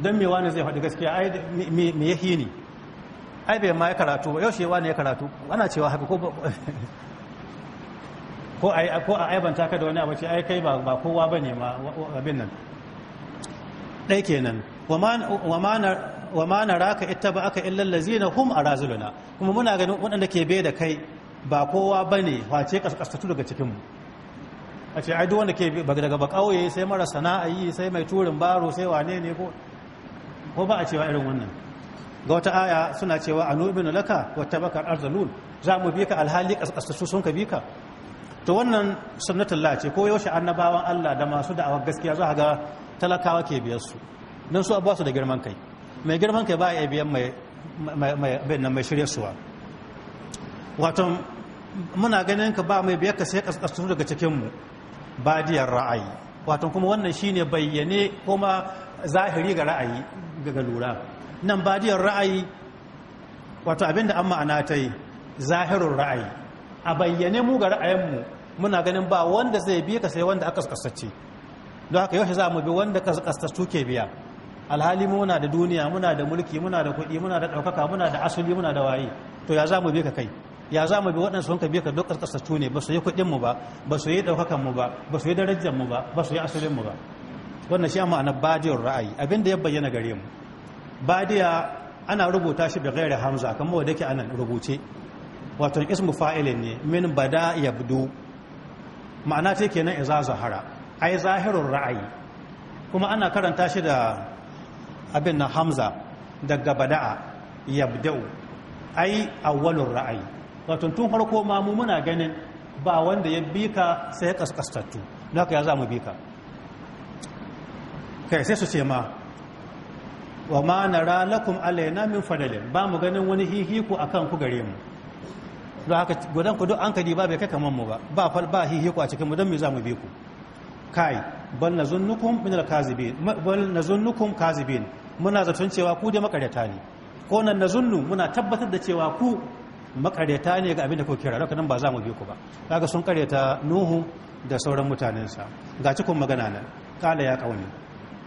don me wani zai faɗi gaskiya ai me ya hini ai bai ma ya karatu ba yaushe wani ya karatu ana cewa haka ko a aibanta ka da wani abu ce ai kai ba kowa ba ne ma abin nan ɗai kenan wa ma na raka ita ba aka illan lazina hum a razuluna kuma muna ganin waɗanda ke bai da kai ba kowa ba ne face kasu daga cikinmu a ce ai duk wanda ke daga bakauye sai mara sana'a yi sai mai turin baro sai wane ne ko ko ba a cewa irin wannan ga wata aya suna cewa a nubinu laka wata bakar arzalun za mu bi ka alhali kasasu sun ka bi ka to wannan sunnatullah ce ko yaushe annabawan Allah da masu da'awar gaskiya za a ga talakawa ke biyar su don su ba su da girman kai mai girman kai ba ya biyan mai mai shirya suwa wato muna ganin ka ba mai biyar ka sai daga cikin mu badiyar ra'ayi wato kuma wannan shine bayyane kuma zahiri ga ra'ayi daga lura nan badiyar ra'ayi wato abinda an ma'ana ta yi zahirin ra'ayi a bayyane mu ga ra'ayinmu muna ganin ba wanda zai biya ka sai wanda aka kasace don haka yau za mu bi wanda ka kasace ke biya alhali muna da duniya muna da mulki muna da kuɗi muna da ɗaukaka muna da asali muna da waye to ya za mu bi ka kai ya za mu bi waɗansu wanka biya ka duk kasace ne ba su yi kuɗinmu ba ba su yi ɗaukakanmu ba ba su yi darajarmu ba ba su yi asalinmu ba wannan shi ma'ana badiyar ra'ayi abin da ya bayyana gare mu badiya ana rubuta shi da gairar hamza kamar mawa dake anan rubuce wato ismu fa'ilin ne min bada yabdu ma'ana ce kenan iza zahara ai zahirun ra'ayi kuma ana karanta shi da abin na hamza daga bada'a yabda'u ai awwalur ra'ayi wato tun farko ma mu muna ganin ba wanda ya bika sai ya kaskastattu ka ya za mu bika kai sai su ce ma wa ma nara lakum alaina min fadalin ba mu ganin wani hihiku a ku gare mu don haka gudan ku duk an kadi ba bai kai kamar mu ba ba fal ba hihiku a cikin mu don me za mu bi ku kai bal nazunnukum min alkazibin bal nazunnukum kazibin muna zaton cewa ku da makareta ne ko nan nazunnu muna tabbatar da cewa ku makareta ne ga abin da ku kira don nan ba za mu bi ku ba kaga sun kareta nuhu da sauran mutanensa ga cikin magana nan kala ya kauni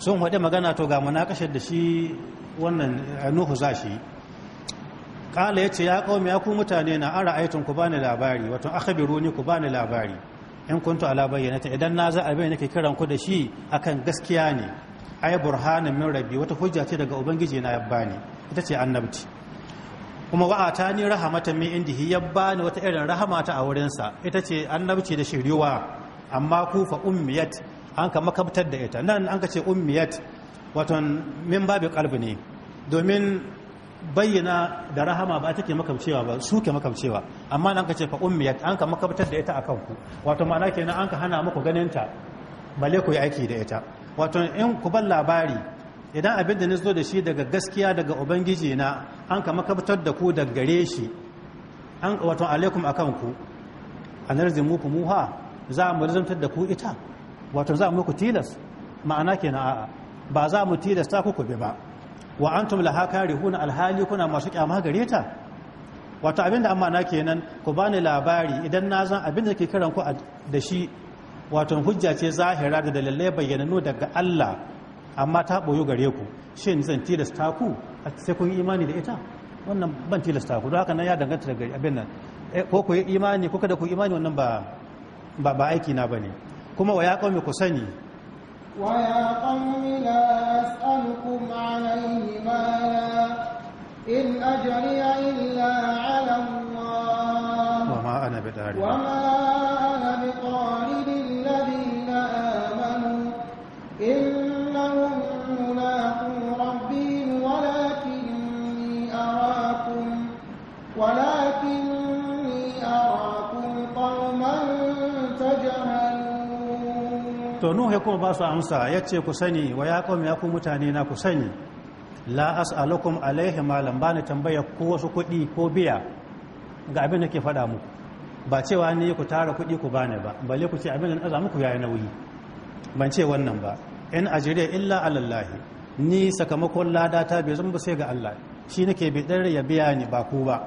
sun faɗi magana to ga muna munakashar da shi wannan eh, nuhu za shi kala ya ce ya kawo ya ku mutane na an ra'aitun ku bani labari wato akhbiru ni ku bani labari in kuntu ala ta idan na za a bayyana kiran ku da shi akan gaskiya ne ai burhanin min rabbi wata hujja ce daga ubangiji na ya bani ita ce annabci kuma wa'ata ni rahamatan min indihi ya bani wata irin rahama ta a wurinsa ita ce annabci da shiriwa amma kufa fa ummiyat an ka makabtar da ita nan an ka ce ummiyat waton min babu kalbi ne domin bayyana da rahama ba take makamcewa ba su ke makamcewa amma nan ka ce fa ummiyat an ka makabtar da ita akan ku wato ma'ana kenan an ka hana muku ganin ta balle ku yi aiki da ita wato in ku bar labari idan abin da zo da shi daga gaskiya daga ubangiji na an ka makabtar da ku daga gare shi an wato alaikum akan ku anarzimu muha za mu rizantar da ku ita wato za muku tilas ma'ana kenan a'a ba za mu tilas ta ku bi ba wa antum laha karihuna alhali kuna masu kyama gare ta wato abinda amma na kenan ku bani labari idan na zan abin da ke kiran ku da shi wato hujja ce zahira da dalilai bayyananu daga Allah amma ta boyo gare ku shin zan tilasta ku sai kun imani da ita wannan ban tilasta ku don haka nan ya danganta da abin nan eh, ko ku yi imani ko kada ku imani wannan ba ba aiki na bane kuma wa ya qaumi ku sani wa ya qaumi la as'alukum alayhi mala in ajriya illa ala to nuhu ya kuma ba su amsa ya ce ku sani wa ya kawai ya ku mutane na ku sani la as'alukum alaihi malam ba ni tambaya ko wasu kuɗi ko biya ga abin da ke faɗa muku ba cewa ne ku tara kuɗi ku bani ba Bale ku ce abin da aza muku yayi nauyi ban ce wannan ba in ajriya illa alallahi ni sakamakon lada ta bai zama sai ga Allah shi nake bi ya biya ni ba ku ba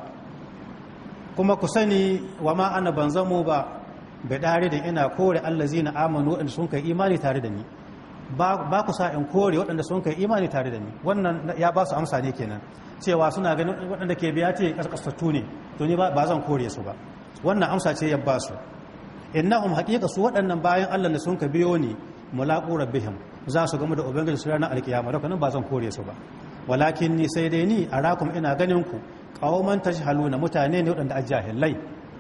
kuma ku sani wa ma'ana ana ban zamo ba bai dare da ina kore allazi na amanu waɗanda sun kai imani tare da ni ba ku sa in kore waɗanda sun kai imani tare da ni wannan ya ba su amsa ne kenan cewa suna ganin waɗanda ke biya ce ƙasƙasattu ne to ni ba zan kore su ba wannan amsa ce ya ba su innahum haƙiƙa su waɗannan bayan allah da sun ka biyo ni mulaƙu rabbihim za su gama da ubangiji su ranar alkiyama da kanin ba zan kore su ba walakin ni sai dai ni a rakun ina ganin ku ƙawoman tashhaluna mutane ne waɗanda ajahillai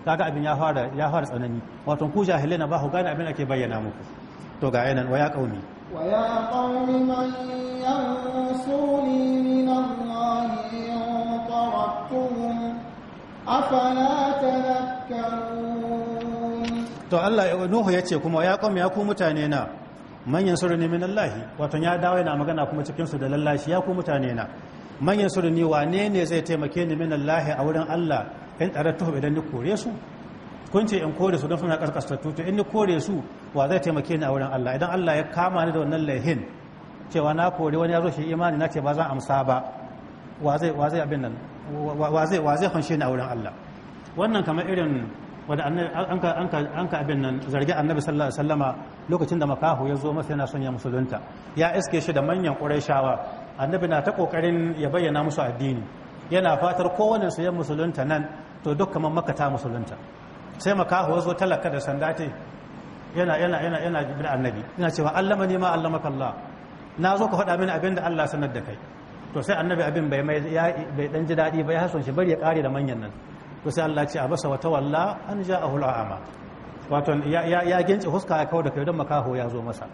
kaga abin ya fara ya fara tsanani wato ku jahilai na ba ku gane abin ake bayyana muku to ga yanan waya qaumi waya qaumi man yansuni min Allah in taraktum afala tadhakkarun to Allah Nuhu yace kuma ya qaumi ya ku mutane na manyan suruni min Allah wato ya dawo yana magana kuma cikin su da lallashi ya ku mutane na manyan suruni wane ne zai taimake ni min Allah a wurin Allah in tuhu idan ni kore su kun ce in kore su don suna karkastattu to in ni kore su wa zai taimake ni a wurin Allah idan Allah ya kama ni da wannan laihin cewa na kore wani ya zo shi imani na ce ba zan amsa ba wa zai wa zai abin nan wa zai wa zai hanshe ni a wurin Allah wannan kamar irin wanda an ka abin nan zargi annabi sallallahu alaihi wasallama lokacin da makahu ya zo masa yana son ya musulunta ya iske shi da manyan qurayshawa annabi na ta ƙoƙarin ya bayyana musu addini yana fatar kowane su yin musulunta nan to duk kamar makata musulunta sai makaho zo talaka da sanda ce yana yana yana yana bin annabi yana cewa allama ne ma allama Allah na zo ka faɗa mini abin da Allah sanar da kai to sai annabi abin bai mai bai dan ji daɗi bai hasan shi bari ya kare da manyan nan to sai Allah ce abasa wa tawalla an ja'ahu al'ama wato ya ya ya gince huska ya kawo da kai don makaho ya zo masa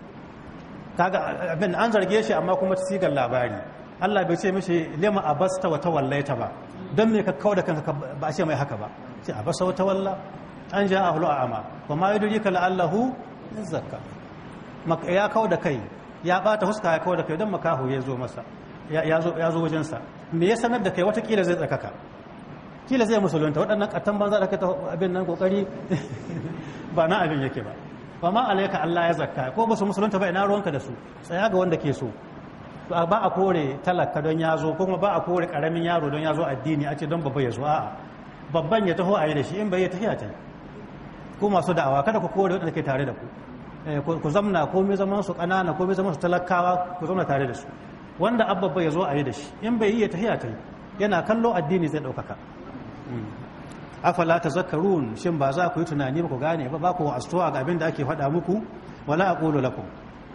kaga abin an zarge shi amma kuma ta sigar labari Allah bai ce mishi lema a basta wata wallaita ba don me ka da kanka ba a ce mai haka ba ce basta wata walla an ja ahlu a'ama a ma yi yudrika la'allahu yazakka ya kawo da kai ya bata huska ya kawo da kai don makahu ya zo masa ya zo wajensa me ya sanar da kai wata kila zai tsakaka kila zai musulunta waɗannan ƙattan banza da ta abin nan ƙoƙari ba na abin yake ba ba ma alaika Allah ya zakka ko ba su musulunta ba ina ruwanka da su tsaya ga wanda ke so ba a kore talaka don ya zo ko kuma ba a kore karamin yaro don ya zo addini a ce don babba ya zo a'a babban ya taho a yi da shi in bai ya a can ko masu da'awa kada ku kore waɗanda ke tare da ku eh, ku zamna komai zaman su ƙanana komai zaman su talakawa ku zamna tare da su wanda abbabba ya zo a yi da shi in bai yi ya a can yana kallo addini zai ɗaukaka hmm. afala ta zakarun shin ba za ku yi tunani ba ku gane ba ba ku wa'astuwa ga abin da ake faɗa muku wala a ƙolo lakum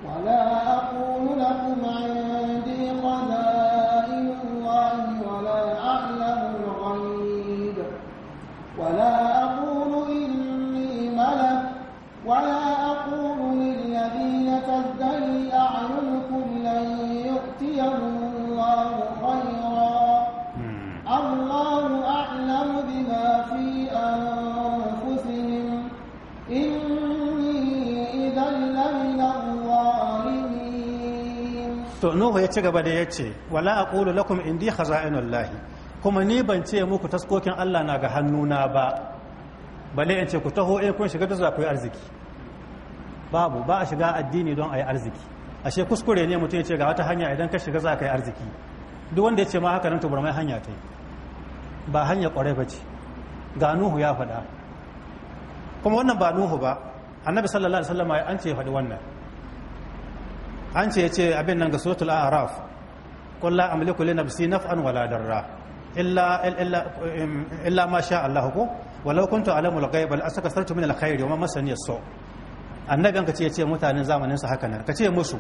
ولا أقول لكم عندي خزائن الله ولا أعلم الغيب ولا أقول إني ملك ولا to nuhu ya ci gaba da ya ce wala ƙulu lakum indi khaza'inullah kuma ni ban ce muku taskokin Allah na ga hannuna ba bale in ce ku taho eh kun shiga za ku yi arziki babu ba a shiga addini don a yi arziki ashe kuskure ne mutum ya ce ga wata hanya idan ka shiga za ka yi arziki duk wanda ya ce ma haka nan to hanya ta yi ba hanya kwarai ba ce ga nuhu ya faɗa kuma wannan ba nuhu ba annabi sallallahu alaihi wasallam an ce ya faɗi wannan an ce ya ce abin nan ga suratul araf qul la amliku li nafsi naf'an wala darra illa illa ma sha Allah ko walau kuntu alamu al-ghaib al asakasartu min al-khair wa ma masani as-su annabi ka ce ya ce mutanen zamanin sa haka nan ka ce musu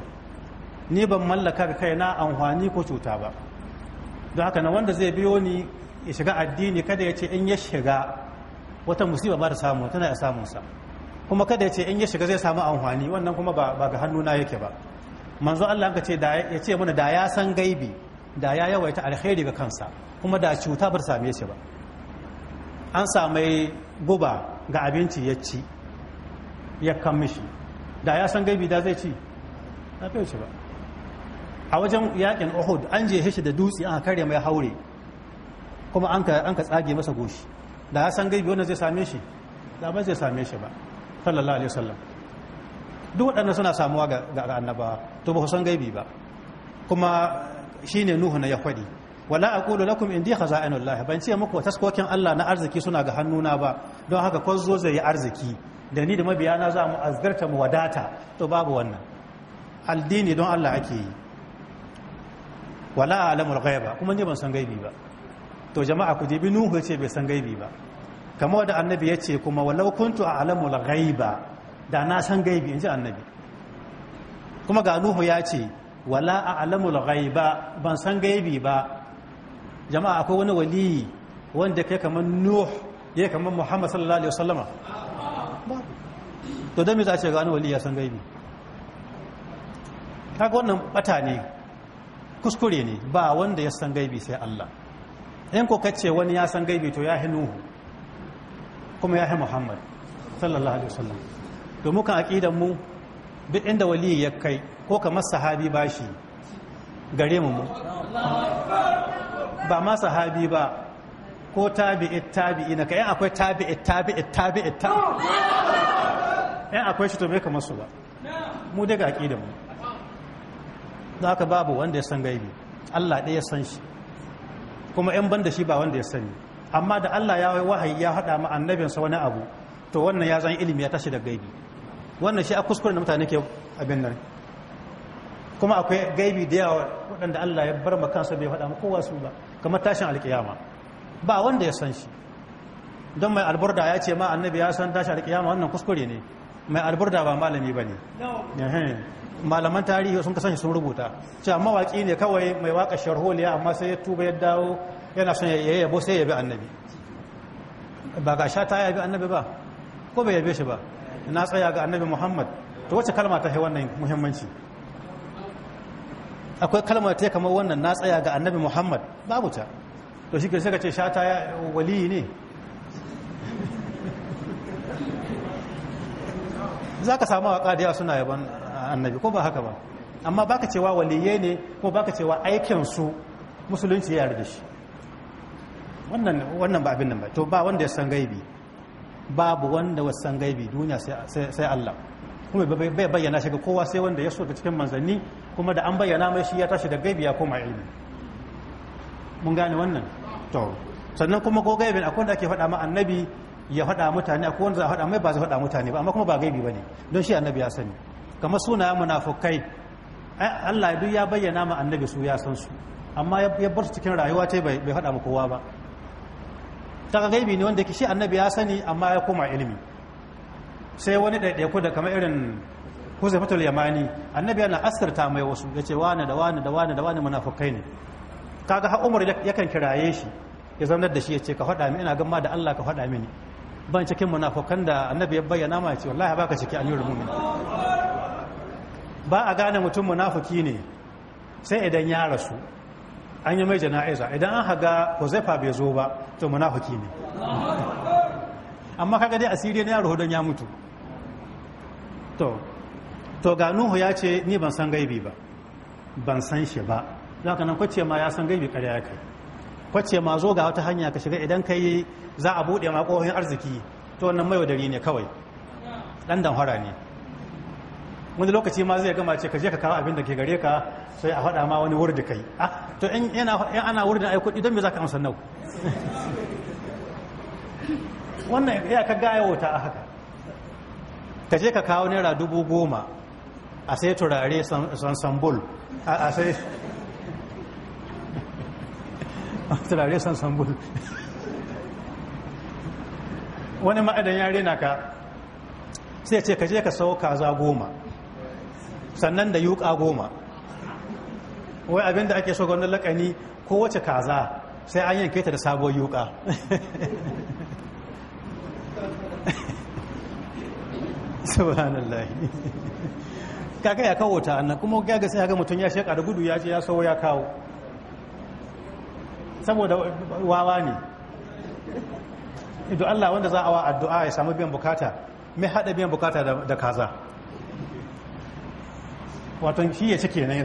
ni ban mallaka ga kaina amfani ko cuta ba don haka na wanda zai biyo ni ya shiga addini kada ya ce in ya shiga wata musiba ba da samu tana ya samunsa kuma kada ya ce in ya shiga zai samu amfani wannan kuma ba ga hannuna yake ba manzo Allah ka ce ya ce mana da ya san gaibi da ya yawaita alheri ga kansa kuma da cuta bar same shi ba an same guba ga abinci ya ci ya kan mishi da ya san gaibi da zai ci na fiye shi ba a wajen yakin ohud an je shi da dutse an karya mai haure kuma an ka tsage masa goshi da ya san gaibi wanda zai same shi da ba zai same shi ba sallallahu alaihi wasallam duk waɗannan suna samuwa ga annabawa to ba san gaibi ba kuma shine nuhu na ya wala aqulu lakum indi khaza'inullah ban ce muku taskokin Allah na arziki suna ga hannuna ba don haka ko zo zai arziki da ni da mabiya za mu azgarta mu wadata to babu wannan aldini don Allah ake yi wala alamul ghaiba kuma ni ban san gaibi ba to jama'a ku bi nuhu ce bai san gaibi ba kamar da annabi ya ce kuma walau kuntu alamul ghaiba da na san gaibi in ji annabi kuma ga nuhu ya ce wala a alamul ba ban san gaibi ba jama'a akwai wani wali wanda kai kamar nuhu ya kamar muhammad sallallahu alaihi wasallama to don za a ce ga wani ya san gaibi kaga wannan bata ne kuskure ne ba wanda ya san gaibi sai Allah in ko kace wani ya san gaibi to ya hi Nuhu kuma ya hi Muhammad sallallahu alaihi wasallama to muka aƙidan mu duk inda wali ya kai ko kamar sahabi ba shi gare mu mu ba ma sahabi ba ko tabi'it tabi'i na kai akwai tabi'it tabi'it tabi'it ta yan akwai shi to bai kamar su ba mu daga aƙidan mu za ka babu wanda ya san gaibi Allah ɗaya san shi kuma in ban da shi ba wanda ya sani amma da Allah ya wahayi ya haɗa ma annabinsa wani abu to wannan ya zan ilimi ya tashi da gaibi wannan shi a kuskure da mutane ke abin nan kuma akwai gaibi da yawa waɗanda Allah ya bar ma kansa bai faɗa kowa su ba kamar tashin alƙiyama ba wanda ya san shi don mai alburda ya ce ma annabi ya san tashin alƙiyama wannan kuskure ne mai alburda ba malami ba ne malaman tarihi sun kasance sun rubuta amma waƙi ne kawai mai waƙa sharholiya amma sai ya tuba ya dawo yana son ya yabo sai ya bi annabi ba ga sha ta ya bi annabi ba ko bai yabe shi ba na tsaya ga annabi muhammad to wacce kalma ta wannan muhimmanci akwai kalma ta kamar wannan na tsaya ga annabi muhammad babu ta to shi sai ka ce shata waliyi ne za ka samu waƙa da yawa suna yaban annabi ko ba haka ba amma baka cewa waliye ne ko baka cewa aikinsu musulunci ya yarda shi wannan ba abin nan ba to ba wanda ya san gaibi babu wanda wasan gaibi duniya sai Allah kuma bai bayyana shi ga kowa sai wanda ya so da cikin manzanni kuma da an bayyana mai shi ya tashi da gaibi ya koma ilimi mun gane wannan to sannan kuma ko gaibin akwai wanda ake faɗa ma annabi ya faɗa mutane akwai wanda za a faɗa mai ba zai faɗa mutane ba amma kuma ba gaibi bane don shi annabi ya sani kamar suna munafukai Allah duk ya bayyana ma annabi su ya san su amma ya bar su cikin rayuwa ce bai faɗa ma kowa ba ta gaibi ne wanda ke shi annabi ya sani amma ya koma ilimi sai wani ɗaiɗaiku da kamar irin kusa fatul yamani annabi yana asirta mai wasu ya ce wani da wani da wani da wani munafukai ne kaga har umar yakan kiraye shi ya zanar da shi ya ce ka faɗa min ina gama da allah ka faɗa mini ban cikin munafukan da annabi ya bayyana ma ya ce wallahi baka ciki an yi rumumin ba a gane mutum munafuki ne sai idan ya rasu an yi mai jana'iza idan an haga huzaifa bai zo ba to munafiki ne amma kaga dai asiri ne yaro don ya mutu to to ga nuhu ya ce ni ban san gaibi ba ban san shi ba ka nan kwace ma ya san gaibi kare ya kai kwace ma zo ga wata hanya ka shiga idan yi za a buɗe ma arziki to wannan mai wadari ne kawai ɗan dan ne wani lokaci ma zai gama ce ka je ka kawo abin da ke gare ka sai a faɗa ma wani wurdi kai a ah, to in ana wurdin yi kuɗi don me za ka amsa nau wannan ya ka gaya wata a haka ka je ka kawo naira dubu goma a sai turare sambul a sai turare sambul wani ma'adan yare na ka sai ce ka je ka sau kaza goma sannan da yuka goma wai abin da ake so ga lakani ko wace kaza sai an yanke ta da sabuwar yuka subhanallah kaga ya kawo ta annan kuma ga sai ga mutum ya sheka da gudu ya ce ya so ya kawo saboda wawa ne idan Allah wanda za a wa addu'a ya samu biyan bukata mai hada biyan bukata da kaza Wato shi ya cike ne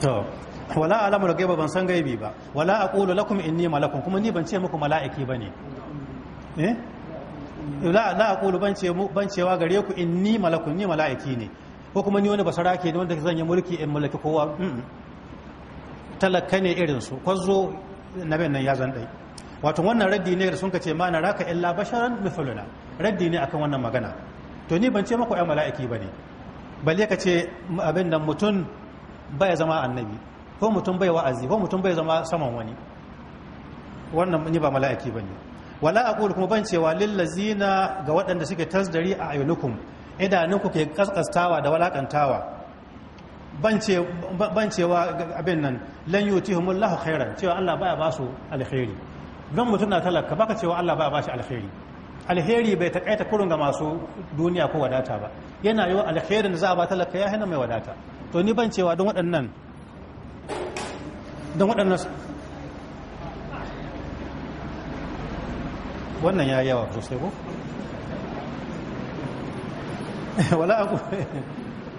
to wala alamu da gaiba ban san gaibi ba wala aqulu lakum ni malakun kuma ni ban ce muku mala'iki bane eh la la aqulu ban ce ban cewa gare ku in ni malakun ni mala'iki ne ko kuma ni wani basara ke ne wanda zan yi mulki in mulki kowa talaka ne irin su kwazo nabin nan ya zan dai wato wannan raddi ne da sun kace ma na raka illa basharan mithluna raddi ne akan wannan magana to ni ban ce muku ai mala'iki bane balle ka ce abin nan mutum bai zama annabi ko mutum bai wa'azi ko mutum bai zama saman wani wannan ni ba mala'iki ne. wala aqulu kuma ban cewa lil lazina ga waɗanda suke tasdari a ayunukum idanunku ke kaskastawa da walakantawa ban cewa abin nan lan yutihumullahu khairan cewa Allah baya ba su alkhairi don mutum na talaka baka cewa Allah baya ba shi alkhairi alheri bai takaita kurun ga masu duniya ko wadata ba yana yiwa alherin da za a ba talaka ya hana mai wadata to ni ban cewa don waɗannan don waɗannan wannan ya yawa sosai ko wala aku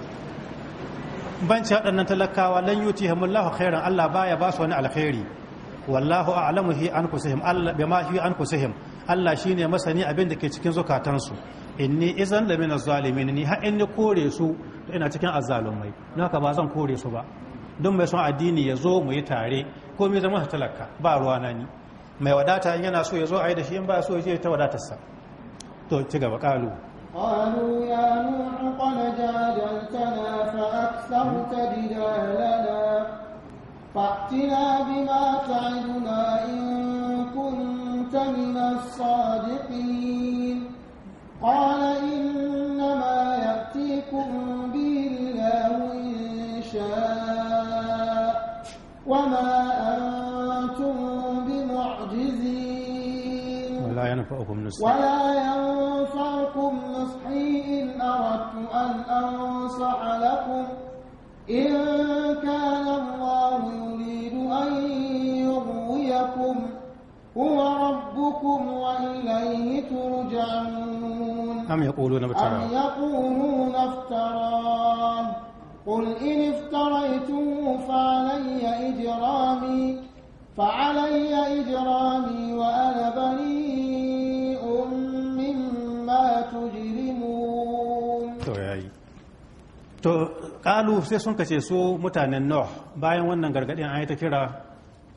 ban ce waɗannan talakawa lan yuti hamullahu khairan Allah baya ba su wani alheri wallahu a'lamu hi an kusihim Allah bima hi an kusihim Allah shi ne masani abin da ke cikin zukatansu in ni izan da minas zalimin ni ha in ni kore su da ina cikin azalumai, na haka ba zan kore su ba don mai son addini ya zo mu yi tare ko mai zama talaka ba ruwa na ni mai wadata in yana so ya zo a yi da shi in ba so ya ta wadatarsa to ci gaba kalu قالوا يا نوح قد جادلتنا فأكثرت جدالنا فأتنا بما تعدنا إن الصادقين قال إنما يأتيكم به الله إن شاء وما أنتم بمعجزين ولا ينفعكم نصحي ولا ينفعكم نصحي إن أردت أن أنصح لكم إن كان الله يريد أن يغويكم هو ربكم وإليه ترجعون أم يقولون افتراه أم يقولون افتراه قل إن افتريته فعلي إجرامي فعلي إجرامي وأنا بريء مما تجرمون to kalu sai sun kace su mutanen Nuh bayan wannan gargadin ayata kira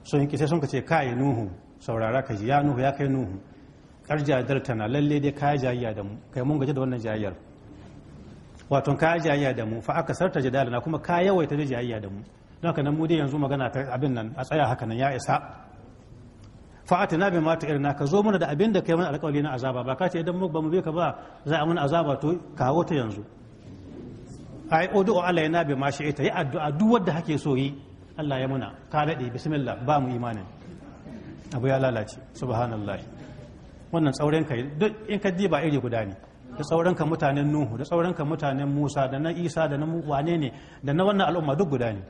sun ki sai sun kace kai Nuhu saurara ka ji ya nuhu ya kai nuhu kar jadar tana lalle dai kaya jayayya da mu kai mun gaji da wannan jayayyar wato kaya jayayya da mu fa aka sarta jadalana kuma ka yawaita da jayayya da mu don haka nan mu dai yanzu magana ta abin nan a tsaya haka nan ya isa fa atina bi mata irna ka zo mana da abin da kai mana alƙawari na azaba ba ka ce idan mu ba mu bi ka ba za a mana azaba to kawo ta yanzu ai odu yana bi ma ita yi addu'a duk wanda hake so yi Allah ya muna ka dade bismillah ba mu imanin abu ya lalace subhanallah wannan tsauren ka duk in ka diba iri guda ne da tsauren ka mutanen nuhu da tsauren ka mutanen musa da na isa da na wane ne da na wannan al'umma duk guda ne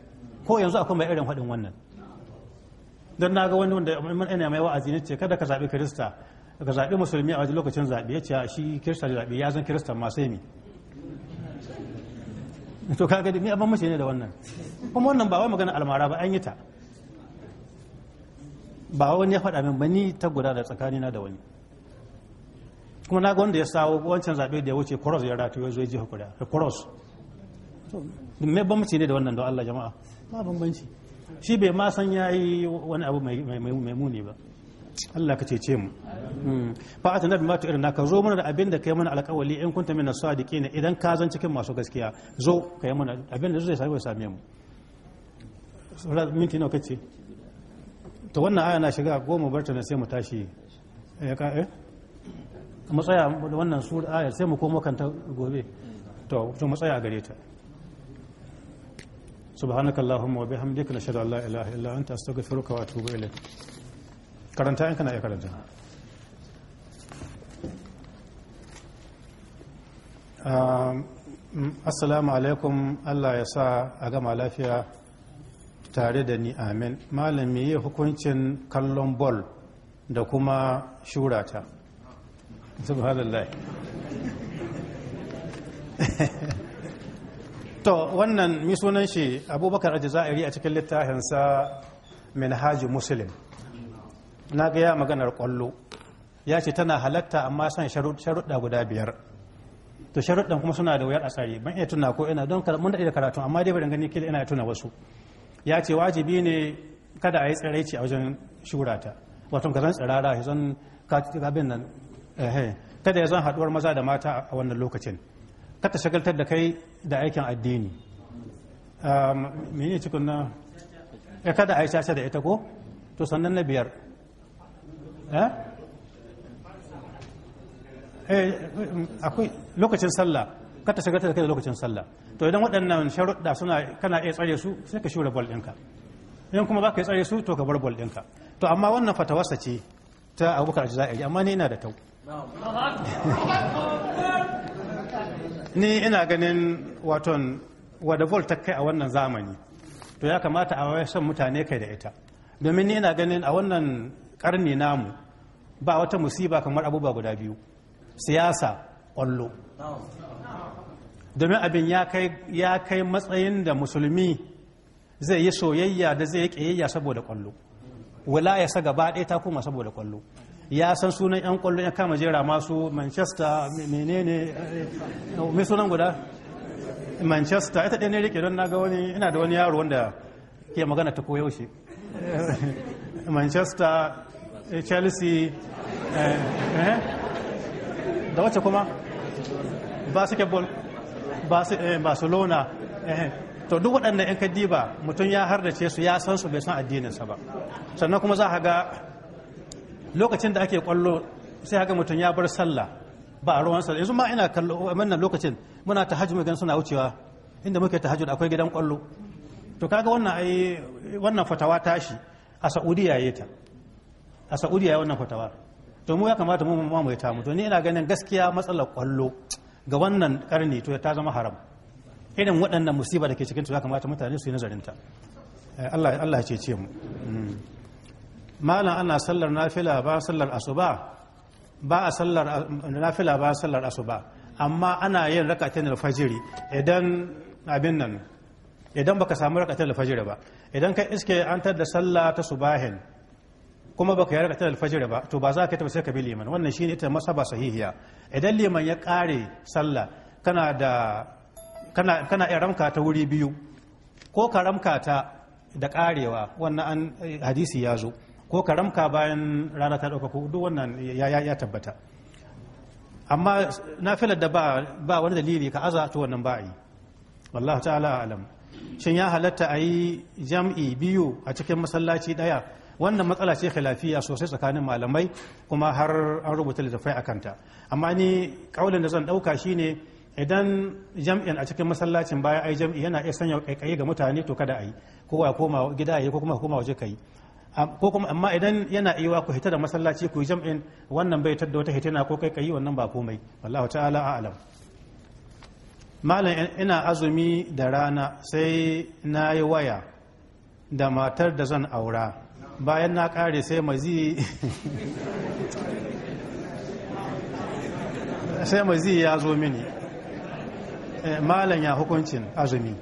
ko yanzu akwai mai irin faɗin wannan don na ga wani wanda ina mai wa'azi ne ce kada ka zaɓi kirista ka zaɓi musulmi a wajen lokacin zaɓe ya ce shi kirista da zaɓe ya zan kirista masu yi to kaga ni abin mace ne da wannan kuma wannan ba wai magana almara ba an yi ta ba wani ya faɗa min ba ni ta guda da tsakanina da wani kuma na wanda ya sawo wancan zaɓe da ya wuce kuros ya ratu ya zo ya jiha kuri'a da cross me bambanci ne da wannan don Allah jama'a ba bambanci shi bai ma san yayi wani abu mai muni ba Allah ka cece mu hmm. fa atan nabi ma irin naka zo mana da abin da kai mana alƙawali in kunta min sadiqina idan ka zan cikin masu gaskiya zo kai mana abin da zai sami mu minti nawa kace to wannan aya na shiga goma barta na sai mu tashi ya eh, ka'e eh? matsaya da wannan sura aya sai mu koma kanta gobe to to matsaya gare ta subhanaka allahumma wa bihamdika nashhadu an la ilaha illa anta astaghfiruka wa atubu ilayk karanta in kana iya karanta um, assalamu alaikum allah ya sa a gama lafiya tare da ni amin malami ya hukuncin kallon bol da kuma shurata subhanallah to wannan mi sunan shi abubakar ajazairi a cikin littafinsa haji muslim na gaya maganar kwallo ya ce tana halatta amma san sharuɗa guda biyar to sharuɗan kuma suna da wuyar a tsari ban iya tuna ko ina don mun daɗe da karatu amma dai bari gani kila ina tuna wasu ya ce wajibi ne kada a yi tsiraici a wajen shurata wato ka zan tsirara ya zan kabin nan kada ya zan haduwar maza da mata a wannan lokacin kada shagaltar da kai da aikin addini mini cikin na ya eh, kada a yi da ita ko to sannan na biyar eh? Eh, akwai lokacin sallah kada shagaltar da kai da lokacin sallah to idan waɗannan sharuɗa suna kana iya tsare su sai ka shura bol ɗinka idan kuma baka ka tsare su to ka bar bol ɗinka to amma wannan fatawarsa ce ta abubakar jazairi amma ni ina da tau ni ina ganin waton wada bol ta kai a wannan zamani to ya kamata a son mutane kai da ita domin ni ina ganin a wannan karni namu ba wata musiba kamar abubuwa guda biyu siyasa ƙwallo domin abin ya kai matsayin da musulmi zai yi soyayya da zai yi ƙiyayya saboda kwallo wala ya sa gaba ɗaya ta kuma saboda kwallo ya san sunan 'yan kwallo ya kama jera masu manchester menene eh, mai sunan guda manchester ita ɗaya ne rike don na ga wani ina da wani yaro wanda ke magana ta koyo shi manchester eh, chelsea eh, da wacce kuma basketball Eh, barcelona eh, to duk waɗanda yan kadiba mutum ya hardace su ya san su bai san addininsa ba sannan kuma za a ga lokacin da ake kwallo sai ga mutum ya bar sallah ba a ruwan sallah yanzu ma ina kallo wannan lokacin muna ta hajji gan suna wucewa inda muke ta hajji akwai gidan kwallo to kaga wannan ai wannan fatawa tashi a saudiya yayi ta a saudiya yayi wannan fatawa to mu ya kamata mu mu ta mu to ni ina ganin gaskiya matsalar kwallo ga wannan karni to ta zama haram irin waɗannan musiba da ke cikin ya kamata mutane su yi nazarinta eh, Allah Allah ce cece mu mm. malam ana sallar nafila ba sallar asuba ba a sallar mm, nafila ba sallar asuba amma ana yin rak'atayn al-fajri idan abin nan idan baka samu rak'atayn al-fajri ba idan kai iske an tar da sallah ta subahin kuma baka yarda ta alfajir ba to ba za ka tafi sai ka bi liman wannan ne ita ba sahihiya idan liman ya kare sallah kana da kana kana ramka ta wuri biyu ko ka ramka ta da karewa wannan an hadisi ya zo ko ka ramka bayan rana ta ɗaukaku duk wannan ya tabbata amma filar da ba wani dalili ka aza to wannan ba yi wallahu ta'ala alam shin ya halatta a yi jam'i biyu a cikin masallaci daya wannan matsala ce khilafiya sosai tsakanin malamai kuma har an rubuta littattafai a kanta amma ni kaulin da zan ɗauka shine idan jam'in a cikin masallacin baya ai jam'i yana iya sanya kaikayi ga mutane to kada a ko a koma gida yi ko kuma koma waje ka ko kuma amma idan yana iya ku hita da masallaci ku jam'in wannan bai tadda wata hitina ko kaikayi wannan ba komai wallahi ta'ala a'lam malam ina azumi da rana sai na yi waya da matar da zan aura bayan na kare sai mazi sai mazi ya zo mini eh, malam ya hukuncin azumi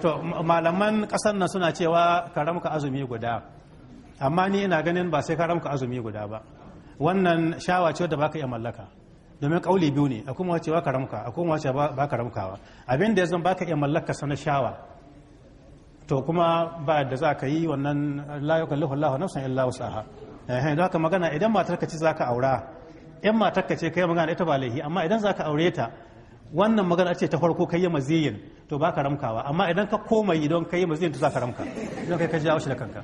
to malaman kasar nan suna cewa karamka azumi guda amma ni ina ganin ba sai karamka azumi guda ba wannan shawa ce da baka iya mallaka domin kauli biyu ne akwai kuma karamka akwai kuma ba karamkawa abin da ya zama baka iya mallaka sana shawa to kuma ba da za ka yi wannan la yukallifu san nafsan illa wus'aha eh haka magana idan matar ka ce za ka aura in matar ka ce kai magana ita ba laihi amma idan za ka aure ta wannan magana ce ta farko kai maziyin to ba ka ramkawa amma idan ka koma yi don kai maziyin to za ka ramka idan kai ka ji shi da kanka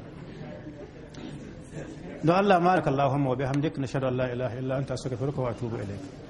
don Allah ma Allahumma wa bihamdika nashhadu an la ilaha illa anta astaghfiruka wa atubu ilayk